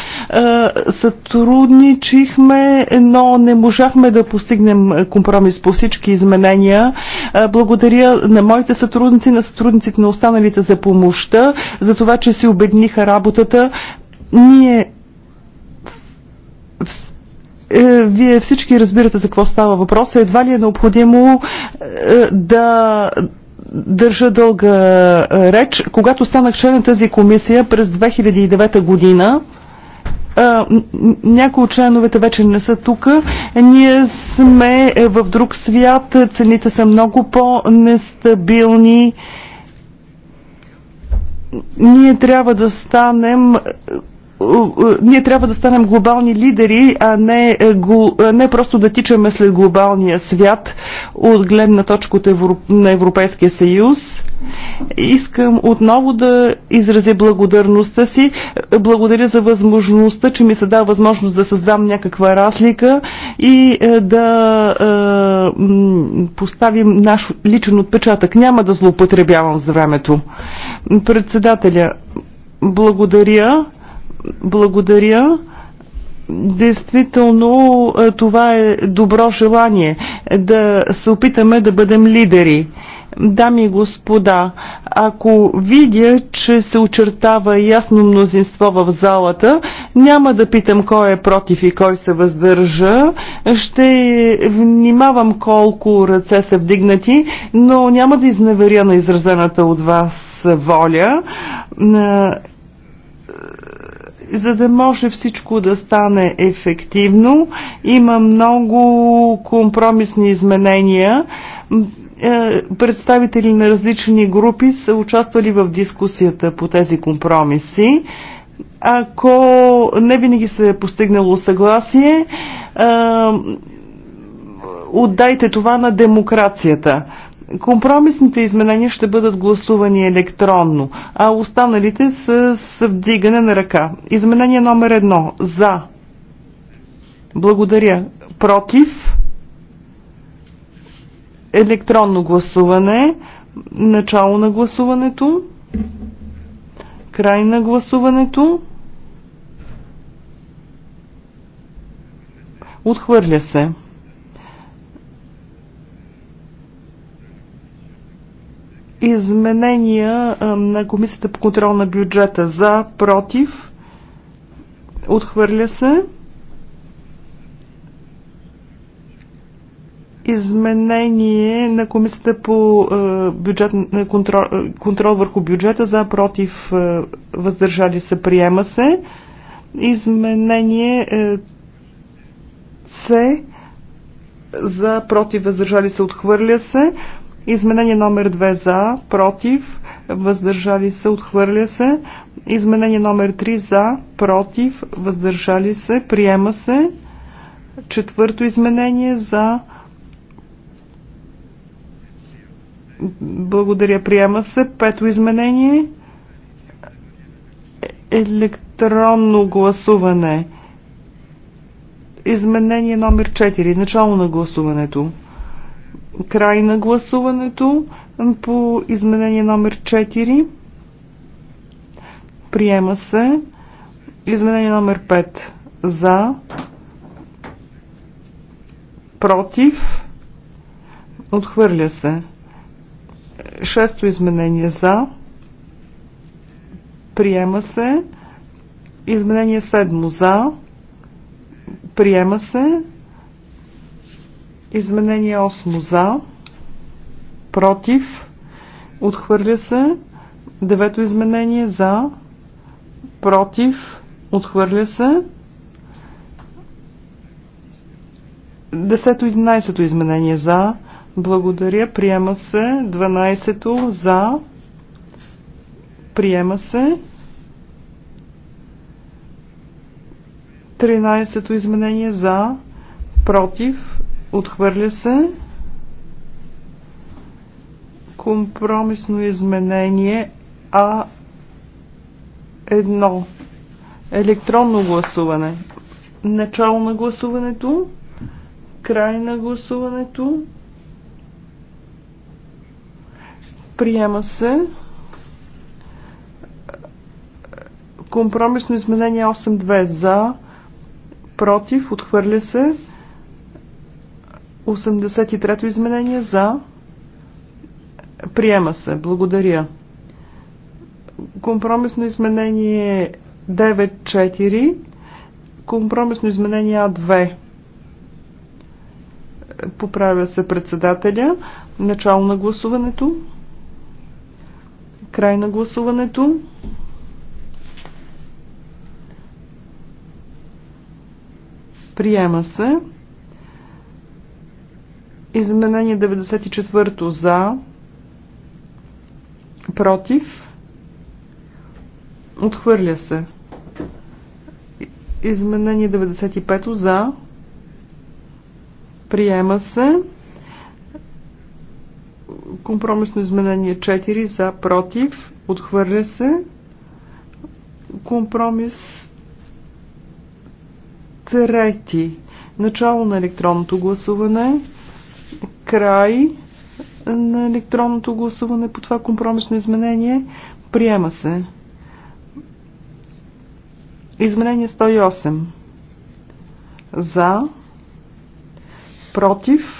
Е, сътрудничихме, но не можахме да постигнем компромис по всички изменения. Е, благодаря благодаря на моите сътрудници, на сътрудниците на останалите за помощта, за това, че си обедниха работата. Ние е, вие всички разбирате за какво става въпрос. Едва ли е необходимо е, да държа дълга е, реч. Когато станах член на тази комисия през 2009 година, някои от членовете вече не са тук. Ние сме е, в друг свят, цените са много по-нестабилни. Ние трябва да станем е, ние трябва да станем глобални лидери, а не, е, не просто да тичаме след глобалния свят от гледна точка от Европ... на Европейския съюз. Искам отново да изразя благодарността си. Благодаря за възможността, че ми се дава възможност да създам някаква разлика и е, да е, поставим наш личен отпечатък. Няма да злоупотребявам с времето. Председателя, благодаря. Благодаря. Действително, е, това е добро желание да се опитаме да бъдем лидери. Дами и господа, ако видя, че се очертава ясно мнозинство в залата, няма да питам кой е против и кой се въздържа. Ще внимавам колко ръце са вдигнати, но няма да изневеря на изразената от вас воля. Е, за да може всичко да стане ефективно. Има много компромисни изменения. Е, представители на различни групи са участвали в дискусията по тези компромиси. Ако не винаги се е постигнало съгласие, е, отдайте това на демокрацията. Компромисните изменения ще бъдат гласувани електронно, а останалите са с вдигане на ръка. Изменение номер едно. За. Благодаря. Против. Електронно гласуване. Начало на гласуването. Край на гласуването. Отхвърля се. изменения на Комисията по контрол на бюджета за, против, отхвърля се. Изменение на Комисията по бюджет, контрол, контрол върху бюджета за, против, въздържали се, приема се. Изменение се за, против, въздържали се, отхвърля се. Изменение номер 2 за, против, въздържали се, отхвърля се. Изменение номер 3 за, против, въздържали се, приема се. Четвърто изменение за, благодаря, приема се. Пето изменение, електронно гласуване. Изменение номер 4, начало на гласуването. Край на гласуването по изменение номер 4. Приема се. Изменение номер 5. За. Против. Отхвърля се. Шесто изменение за. Приема се. Изменение седмо за. Приема се. Изменение 8 за, против, отхвърля се. Девето изменение за, против, отхвърля се. Десето и единайсето изменение за, благодаря, приема се. Дванайсето за, приема се. 13 изменение за, против, Отхвърля се. Компромисно изменение А1. Електронно гласуване. Начало на гласуването. Край на гласуването. Приема се. Компромисно изменение 8-2 за. Против. Отхвърля се. 83-то изменение за. Приема се. Благодаря. Компромисно изменение 9-4. Компромисно изменение А2. Поправя се председателя. Начало на гласуването. Край на гласуването. Приема се. Изменение 94 за, против, отхвърля се. Изменение 95 за, приема се. Компромисно изменение 4 за, против, отхвърля се. Компромис трети. Начало на електронното гласуване. Край на електронното гласуване по това компромисно изменение. Приема се. Изменение 108. За. Против.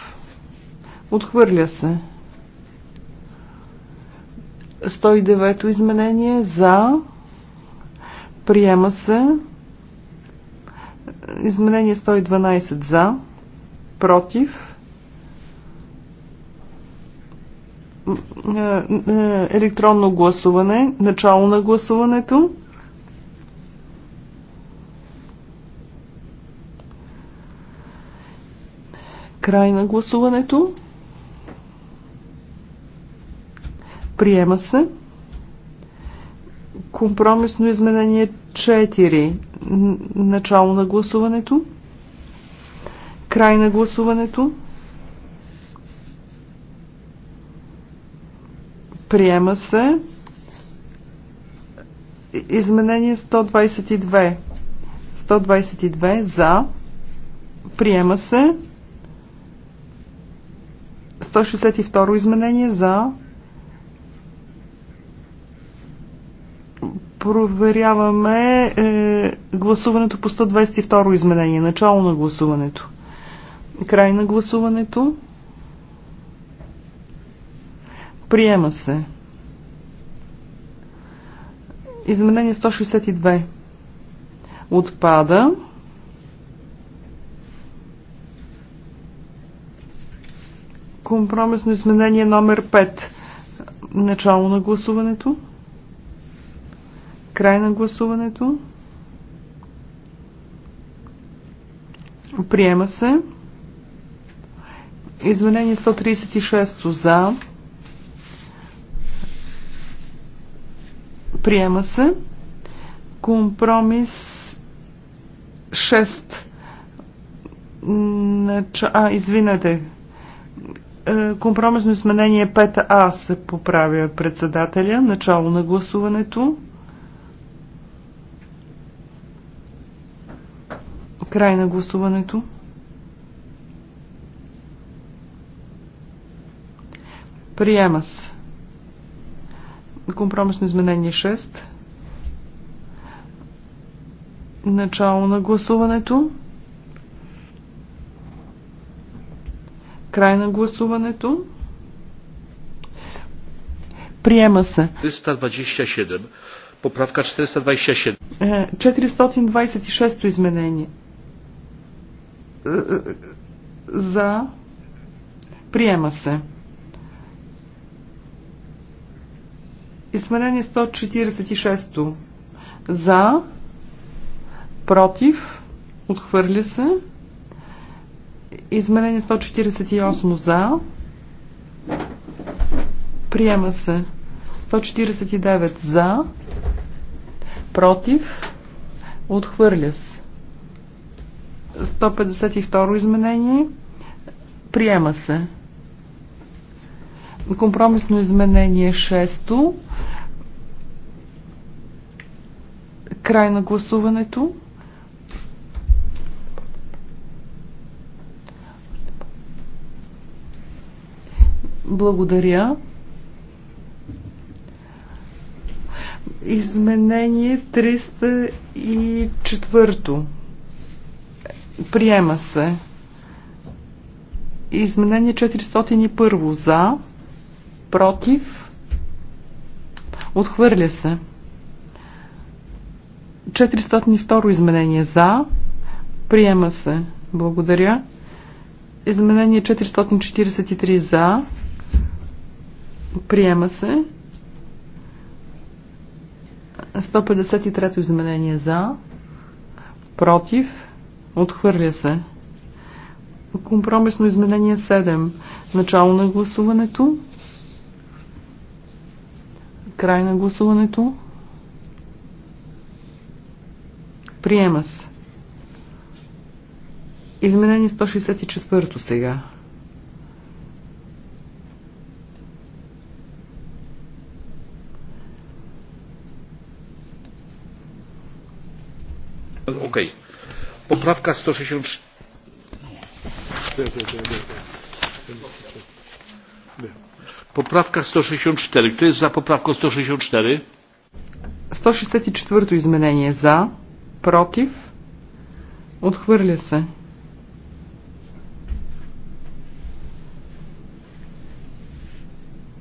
Отхвърля се. 109 изменение. За. Приема се. Изменение 112 за. Против. електронно гласуване, начало на гласуването. Край на гласуването. Приема се. Компромисно изменение 4. Начало на гласуването. Край на гласуването. Приема се. Изменение 122. 122 за. Приема се. 162 изменение за. Проверяваме е, гласуването по 122 изменение. Начало на гласуването. Край на гласуването. Приема се. Изменение 162. Отпада. Компромисно изменение номер 5. Начало на гласуването. Край на гласуването. Приема се. Изменение 136 за. Приема се. Компромис 6. Нач... А, извинете. Е, компромисно изменение 5А се поправя председателя. Начало на гласуването. Край на гласуването. Приема се. Компромисно изменение 6. Начало на гласуването. Край на гласуването. Приема се. 327. Поправка 427. 426 е, изменение. Е, е, за. Приема се. Изменение 146 за, против, отхвърля се. Изменение 148 за, приема се. 149 за, против, отхвърля се. 152 изменение, приема се. Компромисно изменение 6. Край на гласуването. Благодаря. Изменение 304. Приема се. Изменение 401 за против, отхвърля се. 402 изменение за, приема се, благодаря. Изменение 443 за, приема се. 153 изменение за, против, отхвърля се. Компромисно изменение 7. Начало на гласуването. Край на гласуването. Приема се. Изменение 164 сега. Окей. Okay. Poprawka 164. Поправка 164. Кто е за поправка 164? 164 изменение за, против, отхвърля се.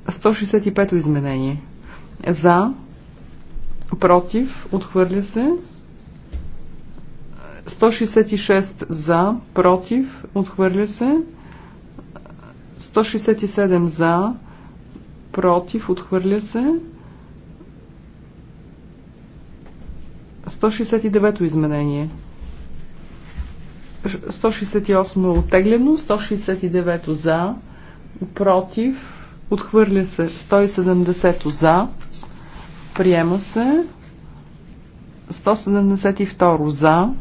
Сто шестдесет пето изменение. За, против, отхвърля се. 166 за, против, отхвърля се. 167 за, против, отхвърля се. 169-то изменение. 168 оттеглено, 169 за, против, отхвърля се 170 за, приема се 172 за,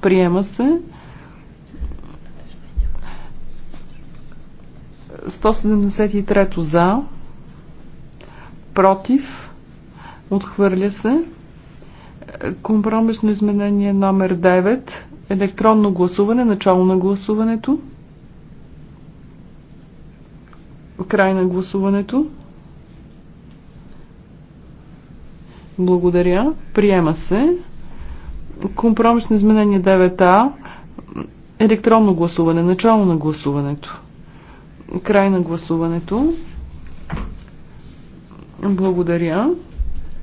приема се 173 за, против, отхвърля се. Компромисно изменение номер 9. Електронно гласуване, начало на гласуването. Край на гласуването. Благодаря. Приема се. Компромисно изменение 9А. Електронно гласуване, начало на гласуването. Край на гласуването. Благодаря.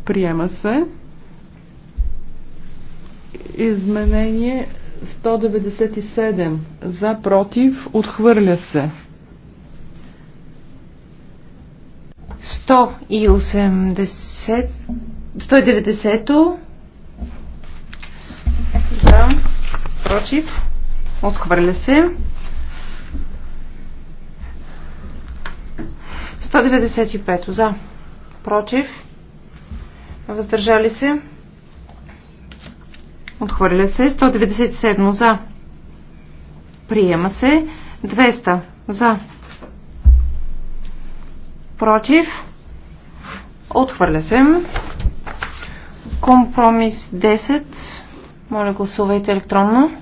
Приема се. Изменение 197. За, против, отхвърля се. 180. 190. За, против, отхвърля се. 195 за. Против. Въздържали се. Отхвърля се. 197 за. Приема се. 200 за. Против. Отхвърля се. Компромис 10. Моля, гласувайте електронно.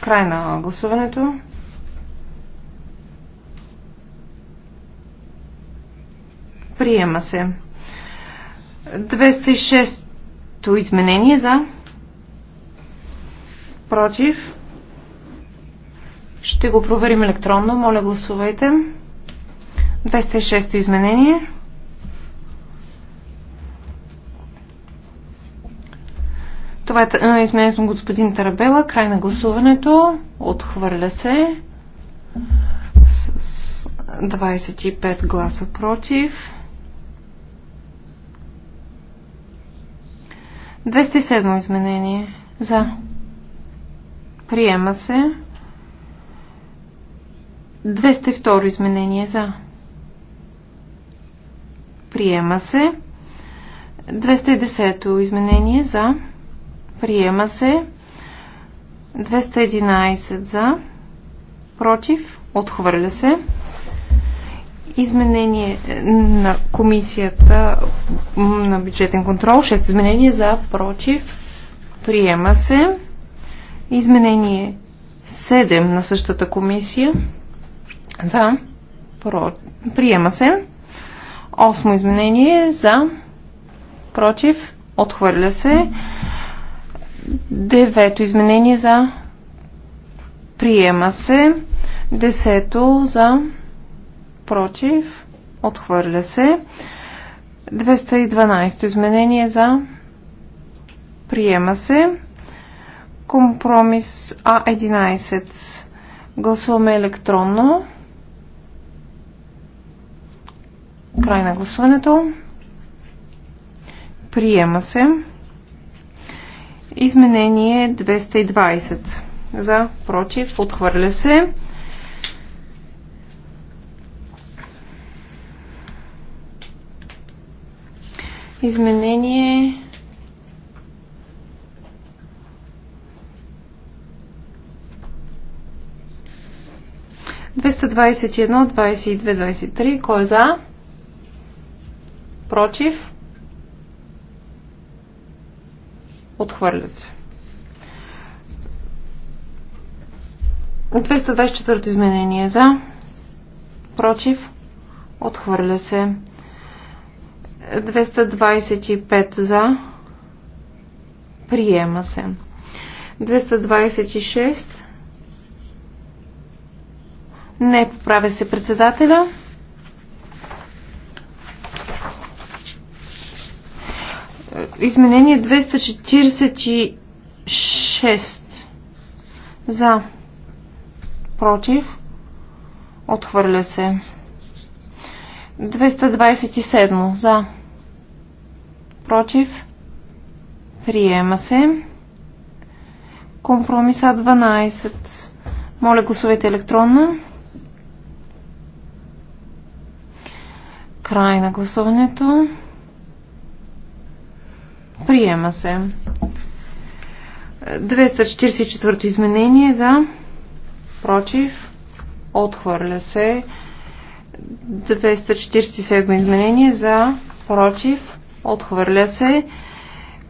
Край на гласуването. Приема се. 206-то изменение за. Против. Ще го проверим електронно. Моля, гласувайте. 206-то изменение. Това е, е изменението на господин Тарабела. Край на гласуването. Отхвърля се. С 25 гласа против. 207 изменение. За. Приема се. 202 изменение. За. Приема се. 210 изменение. За. Приема се. 211 за. Против. Отхвърля се. Изменение е, на комисията на бюджетен контрол. Шесто изменение за против. Приема се. Изменение 7 на същата комисия. За. Про... Приема се. Осмо изменение за. Против. Отхвърля се. Девето изменение за. Приема се. Десето за против, отхвърля се. 212 изменение за, приема се. Компромис А11 гласуваме електронно. Край на гласуването. Приема се. Изменение 220. За, против, отхвърля се. Изменение 221, 22, 23. Кой е за? Против? Отхвърлят се. 224 изменение е за. Против? Отхвърля се. 225 за. Приема се. 226. Не, поправя се председателя. Изменение 246. За. Против. Отхвърля се. 227. За против, приема се. Компромиса 12. Моля, гласувайте електронно. Край на гласуването. Приема се. 244 то изменение за против. Отхвърля се. 247 изменение за против. Отхвърля се.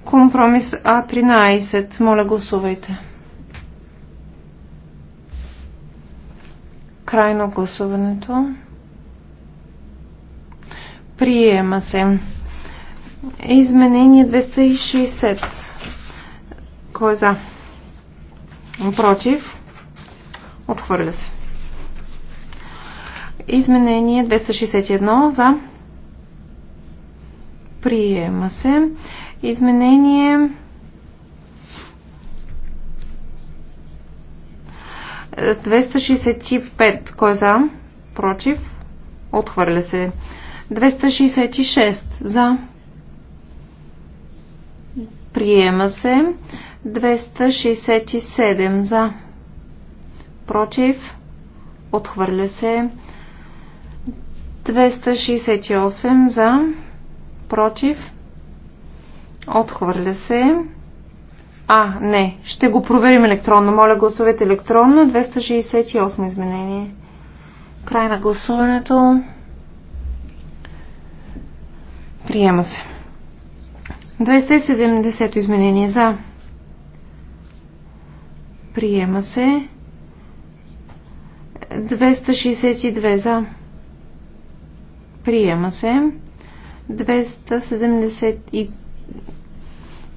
Компромис А13. Моля, гласувайте. Крайно гласуването. Приема се. Изменение 260. Кой е за? Против. Отхвърля се. Изменение 261 за Приема се. Изменение 265. Кой е за? Против. Отхвърля се. 266. За. Приема се. 267. За. Против. Отхвърля се. 268. За против, отхвърля се. А, не, ще го проверим електронно. Моля, гласувайте електронно. 268 изменение. Край на гласуването. Приема се. 270 изменение за. Приема се. 262 за. Приема се. 270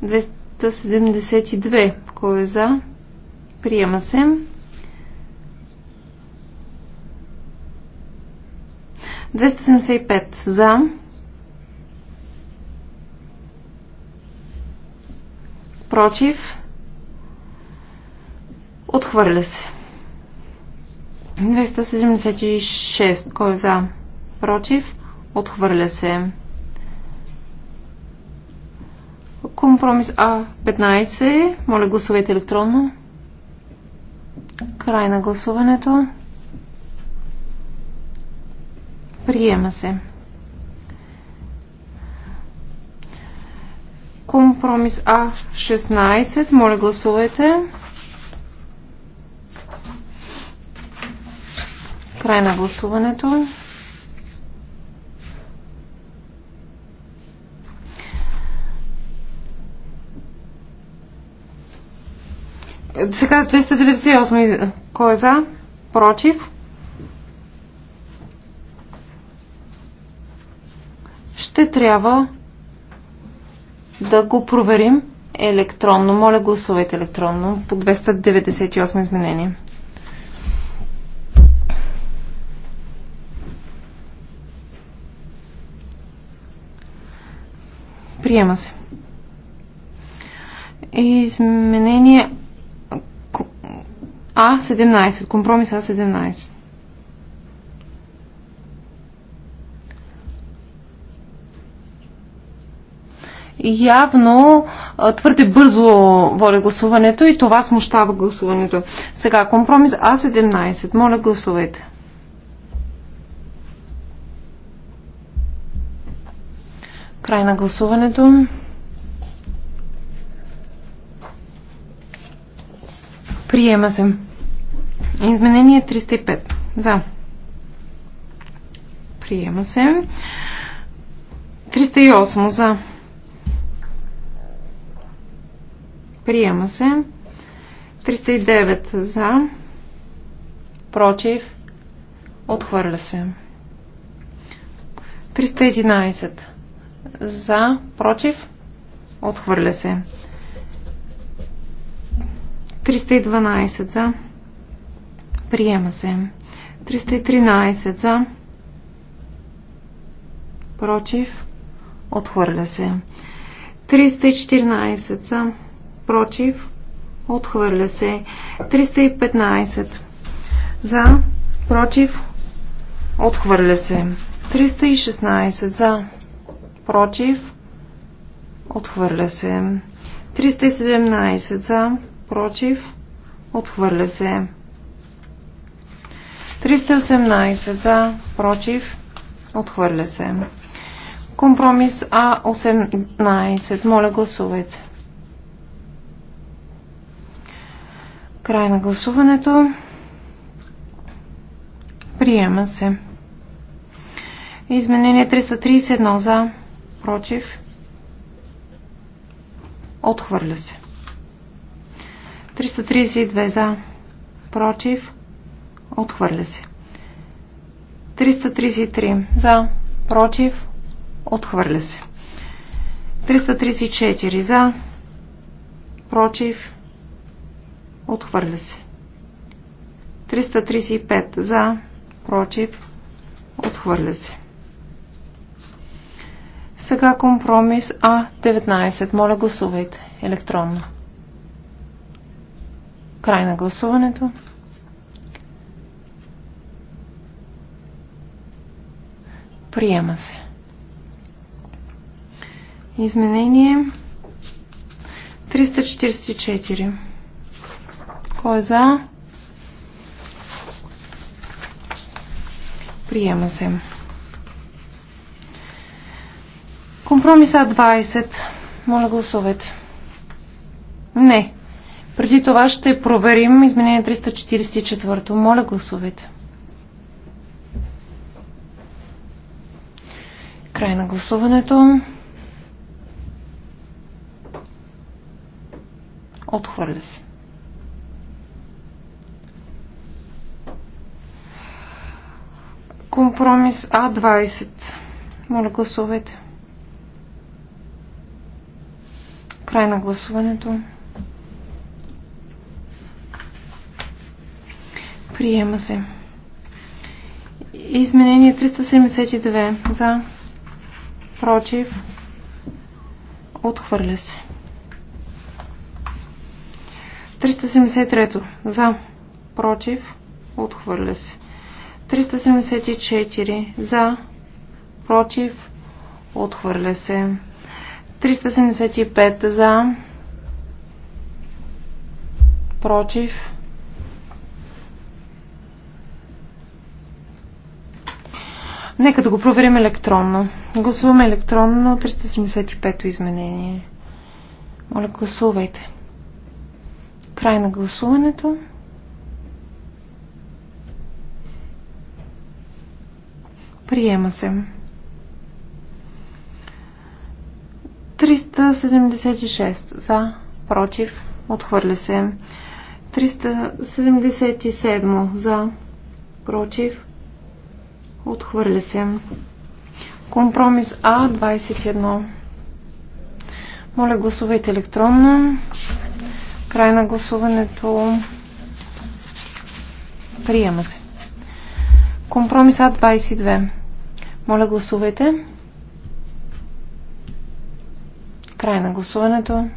272. Кой е за? Приема се. Двеста за. Против. Отхвърля се. 276. Кой е за? Против. Отхвърля се. Компромис А15. Моля, гласувайте електронно. Край на гласуването. Приема се. Компромис А16. Моля, гласувайте. Край на гласуването. Сега 298. Кой е за? Против? Ще трябва да го проверим електронно. Моля, гласувайте електронно по 298 изменение. Приема се. Изменение а17. Компромис А17. Явно твърде бързо воля гласуването и това смущава гласуването. Сега, компромис А17. Моля, гласувайте. Край на гласуването. Приема се. Изменение 305. За. Приема се. 308 за. Приема се. 309 за. Против. Отхвърля се. 311 за. Против. Отхвърля се. 312 за. Приема се. 313 за. Против. Отхвърля се. 314 за. Против. Отхвърля се. 315 за. Против. Отхвърля се. 316 за. Против. Отхвърля се. 317 за против, отхвърля се. 318 за, против, отхвърля се. Компромис А18. Моля, гласувайте. Край на гласуването. Приема се. Изменение 331 за, против, отхвърля се. 332 за, против, отхвърля се. 333 за, против, отхвърля се. 334 за, против, отхвърля се. 335 за, против, отхвърля се. Сега компромис А19. Моля гласувайте електронно. Край на гласуването. Приема се. Изменение 344. Кой е за? Приема се. Компромиса 20. Моля гласувайте. Не. Преди това ще проверим изменение 344. Моля гласувайте. Край на гласуването. Отхвърля се. Компромис А20. Моля гласувайте. Край на гласуването. Приема се. Изменение 372. За. Против. Отхвърля се. 373. За. Против. Отхвърля се. 374. За. Против. Отхвърля се. 375. За. Против. Нека да го проверим електронно. Гласуваме електронно 375-то изменение. Моля, гласувайте. Край на гласуването. Приема се. 376 за, против, отхвърля се. 377 за, против, Отхвърля се. Компромис А21. Моля, гласувайте електронно. Край на гласуването. Приема се. Компромис А22. Моля, гласувайте. Край на гласуването.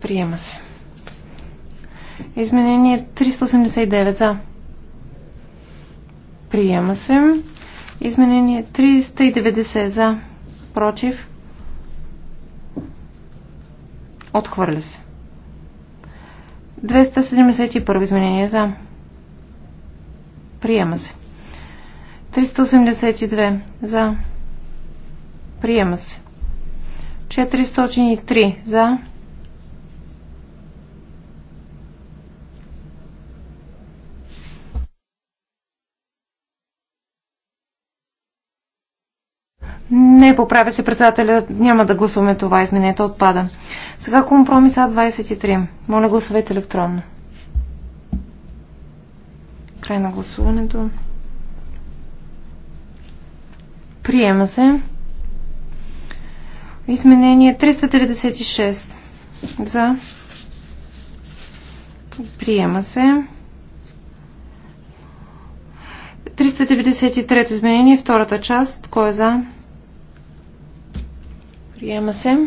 Приема се. Изменение 389 за. Приема се. Изменение 390 за. Против. Отхвърля се. 271 изменение за. Приема се. 382 за. Приема се. 403 за. Не, поправя се председателя. Няма да гласуваме това. Изменението отпада. Сега компромиса 23 Моля гласувайте електронно. Край на гласуването. Приема се. Изменение 396. За. Приема се. 393 изменение, втората част. Кой е за? Приема се.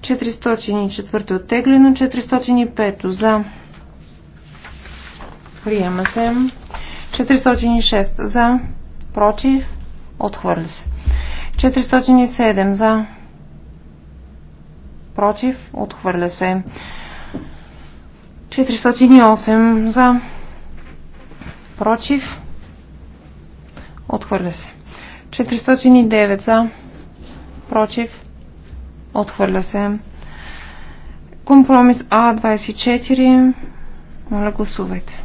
404 оттеглено. 405 за. Приема се. 406 за. Против. Отхвърля се. 407 за. Против. Отхвърля се. 408 за. Против. Отхвърля се. 409 за против, отхвърля се. Компромис А24, моля гласувайте.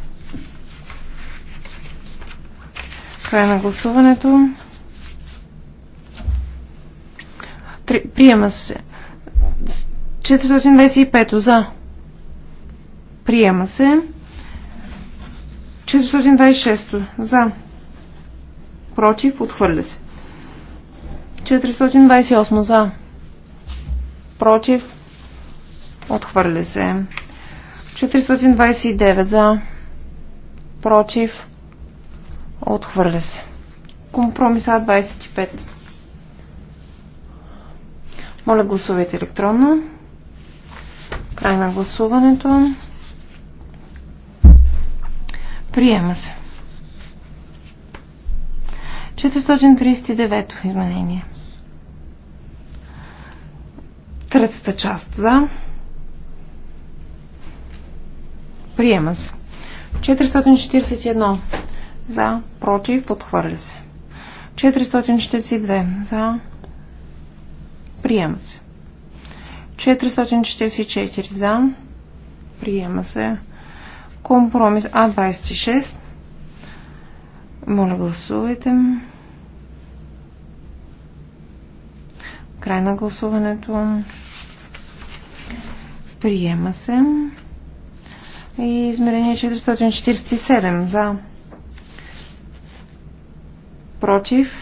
Край на гласуването. Приема се. 425 за. Приема се. 426 за. Против. Отхвърля се. 428 за. Против. Отхвърля се. 429 за. Против. Отхвърля се. Компромиса 25. Моля гласувайте електронно. Край на гласуването. Приема се. 439 изменение. Третата част за. Приема се. 441 за. Против. Отхвърля се. 442 за. Приема се. 444 за. Приема се. Компромис А26. Моля гласувайте. Край на гласуването. Приема се. И измерение 447 за. Против.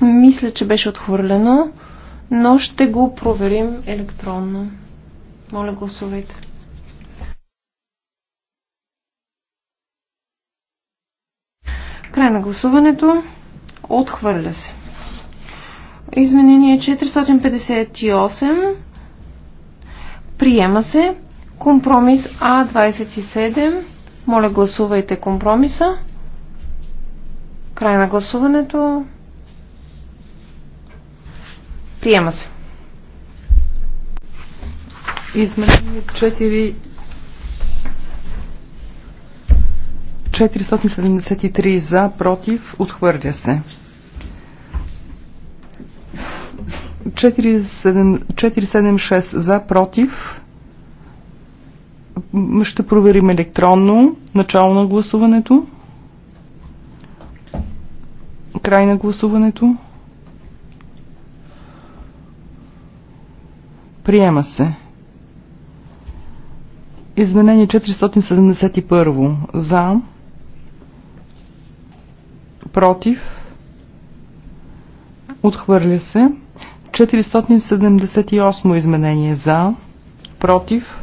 Мисля, че беше отхвърлено, но ще го проверим електронно. Моля, гласувайте. Край на гласуването. Отхвърля се. Изменение 458. Приема се. Компромис А27. Моля, гласувайте компромиса. Край на гласуването. Приема се. Изменение 4... 473 за, против, отхвърля се. 476 за, против. Ще проверим електронно начало на гласуването. Край на гласуването. Приема се. Изменение 471. За. Против. Отхвърля се. 478 изменение за, против,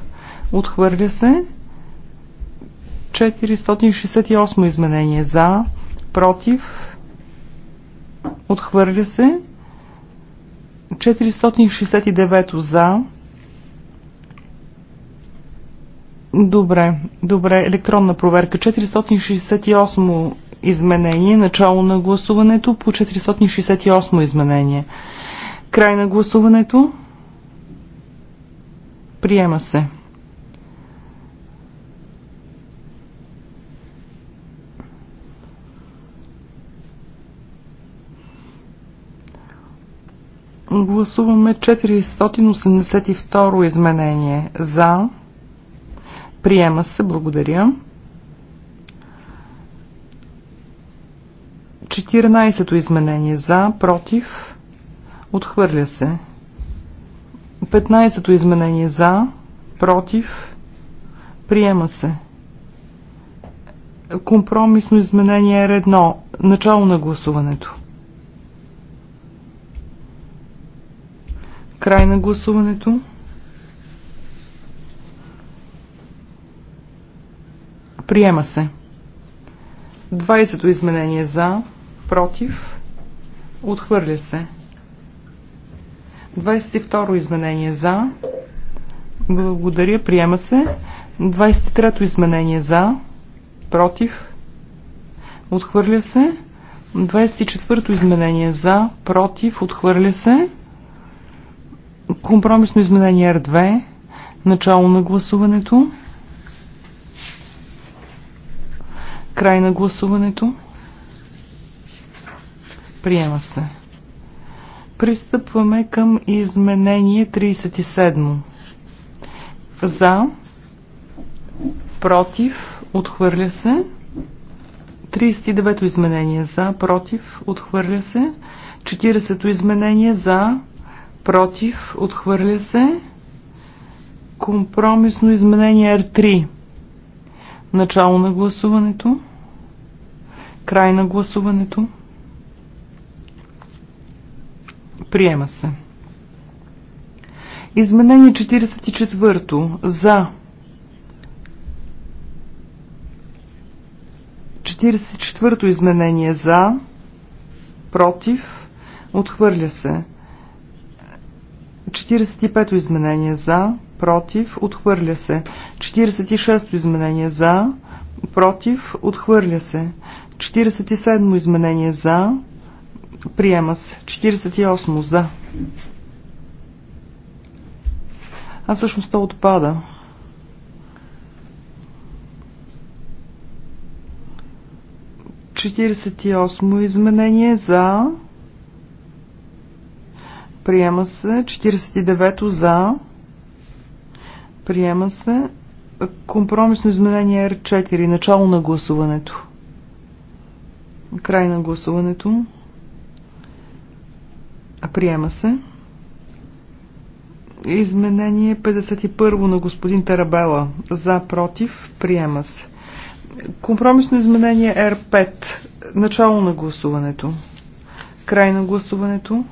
отхвърля се. 468 изменение за, против, отхвърля се. 469 за. Добре, добре, електронна проверка. 468 изменение, начало на гласуването по 468 изменение. Край на гласуването. Приема се. Гласуваме 482 изменение. За. Приема се. Благодаря. 14-то изменение. За. Против. Отхвърля се. 15-то изменение за, против, приема се. Компромисно изменение R1. Е Начало на гласуването. Край на гласуването. Приема се. 20-то изменение за, против, отхвърля се. 22 изменение за. Благодаря, приема се. 23 изменение за. Против. Отхвърля се. 24 изменение за. Против. Отхвърля се. Компромисно изменение R2. Начало на гласуването. Край на гласуването. Приема се. Пристъпваме към изменение 37. За, против, отхвърля се. 39-то изменение за, против, отхвърля се. 40-то изменение за, против, отхвърля се. Компромисно изменение R3. Начало на гласуването. Край на гласуването. Приема се. Изменение 44. За. 44-то изменение за. Против. Отхвърля се. 45-то изменение за. Против. Отхвърля се. 46-то изменение за. Против. Отхвърля се. 47-то изменение за. Приема се. 48 за. А всъщност то отпада. Четиридесет и осмо изменение за. Приема се. 49 за. Приема се. Компромисно изменение р 4 Начало на гласуването. Край на гласуването. Приема се. Изменение 51 на господин Тарабела. За, против. Приема се. Компромисно изменение R5. Начало на гласуването. Край на гласуването.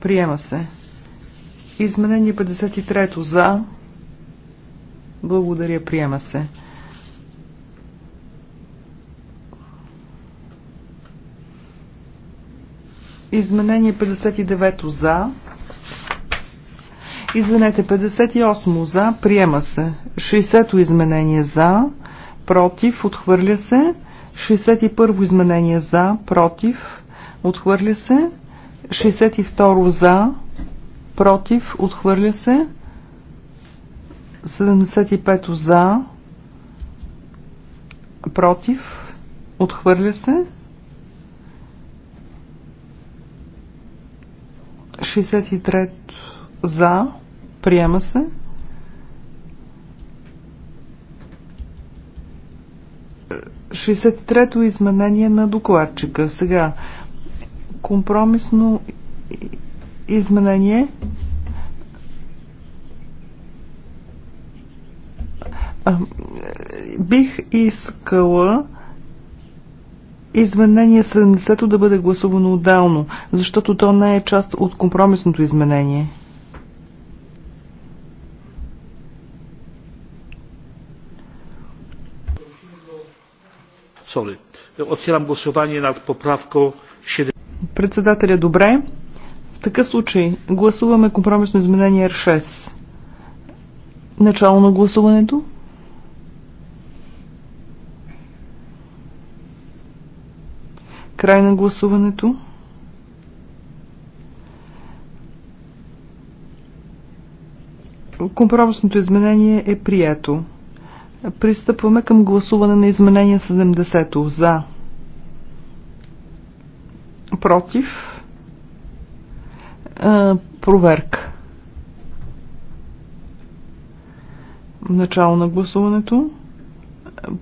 Приема се. Изменение 53 за. Благодаря, приема се. Изменение 59 за. Извинете, 58 за. Приема се. 60-то изменение за. Против. Отхвърля се. 61 изменение за. Против. Отхвърля се. 62 за. Против. Отхвърля се. 75 за. Против. Отхвърля се. 63 за. Приема се. Шестдесет изменение на докладчика. Сега, компромисно изменение. Бих искала изменение 70-то да бъде гласувано отдално, защото то не е част от компромисното изменение. Sorry. Otwieram głosowanie nad 7. Председателя, добре. В такъв случай гласуваме компромисно изменение R6. Начало на гласуването. Край на гласуването. Компромисното изменение е прието. Пристъпваме към гласуване на изменение 70 За. Против. А, проверка. Начало на гласуването.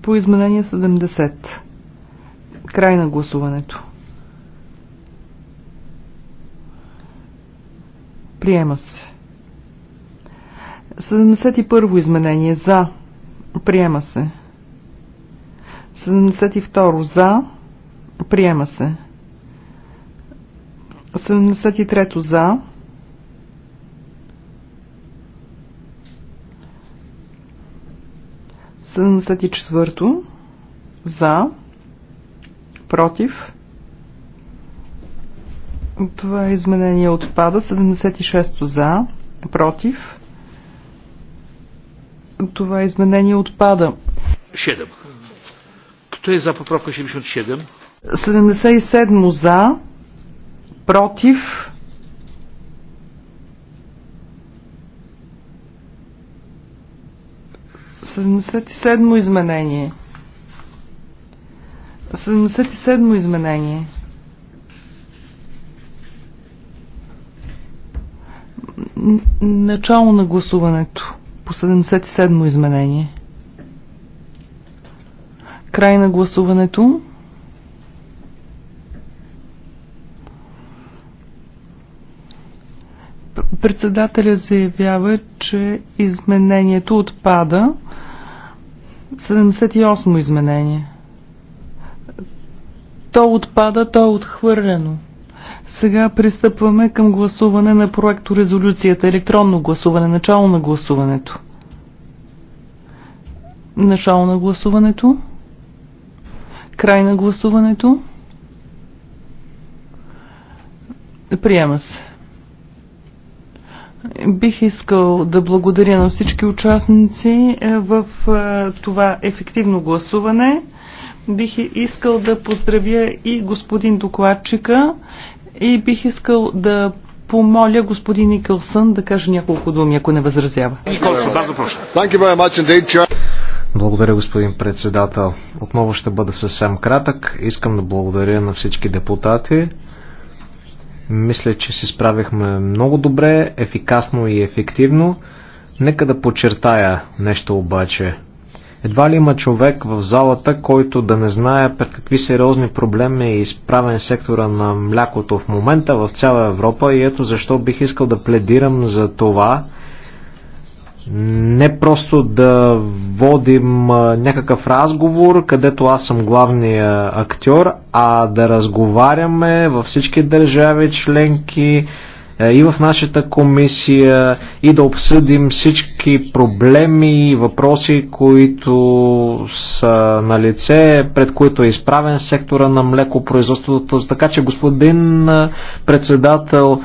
По изменение 70. Край на гласуването. Приема се. 71 во изменение за. Приема се. 72 за. Приема се. 73 за. Седемдесет четвърто за против. Това изменение отпада. 76 за, против. Това изменение отпада. 7. Кто е за поправка 77? 77 за, против. Седемдесет и седмо изменение. 77 изменение. Начало на гласуването по 77 изменение. Край на гласуването. Председателя заявява, че изменението отпада. 78 изменение. То отпада, то е отхвърлено. Сега пристъпваме към гласуване на проекто резолюцията. Електронно гласуване. Начало на гласуването. Начало на гласуването. Край на гласуването. Приема се. Бих искал да благодаря на всички участници е, в е, това ефективно гласуване. Бих искал да поздравя и господин докладчика и бих искал да помоля господин Никълсън да каже няколко думи, ако не възразява. Благодаря, господин председател. Отново ще бъда съвсем кратък. Искам да благодаря на всички депутати. Мисля, че се справихме много добре, ефикасно и ефективно. Нека да подчертая нещо обаче. Едва ли има човек в залата, който да не знае пред какви сериозни проблеми е изправен сектора на млякото в момента в цяла Европа и ето защо бих искал да пледирам за това не просто да водим някакъв разговор, където аз съм главния актьор, а да разговаряме във всички държави членки, е, и в нашата комисия и да обсъдим всички проблеми и въпроси, които са на лице, пред които е изправен сектора на млекопроизводството. Така че, господин е, председател,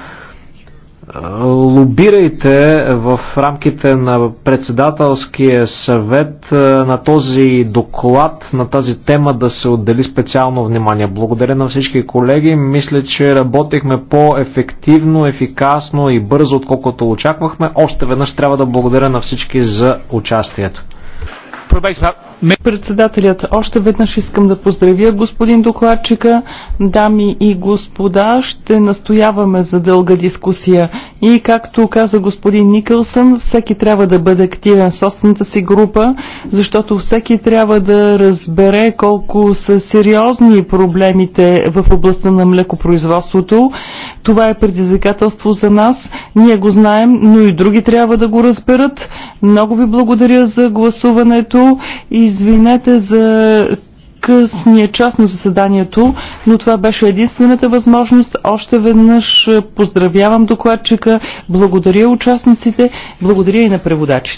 лобирайте в рамките на председателския съвет на този доклад, на тази тема да се отдели специално внимание. Благодаря на всички колеги. Мисля, че работихме по-ефективно, ефикасно и бързо, отколкото очаквахме. Още веднъж трябва да благодаря на всички за участието. Председателят, още веднъж искам да поздравя господин докладчика. Дами и господа, ще настояваме за дълга дискусия. И както каза господин Никълсън, всеки трябва да бъде активен в собствената си група, защото всеки трябва да разбере колко са сериозни проблемите в областта на млекопроизводството. Това е предизвикателство за нас. Ние го знаем, но и други трябва да го разберат. Много ви благодаря за гласуването и Извинете за късния част на заседанието, но това беше единствената възможност. Още веднъж е, поздравявам докладчика, благодаря участниците, благодаря и на преводачите.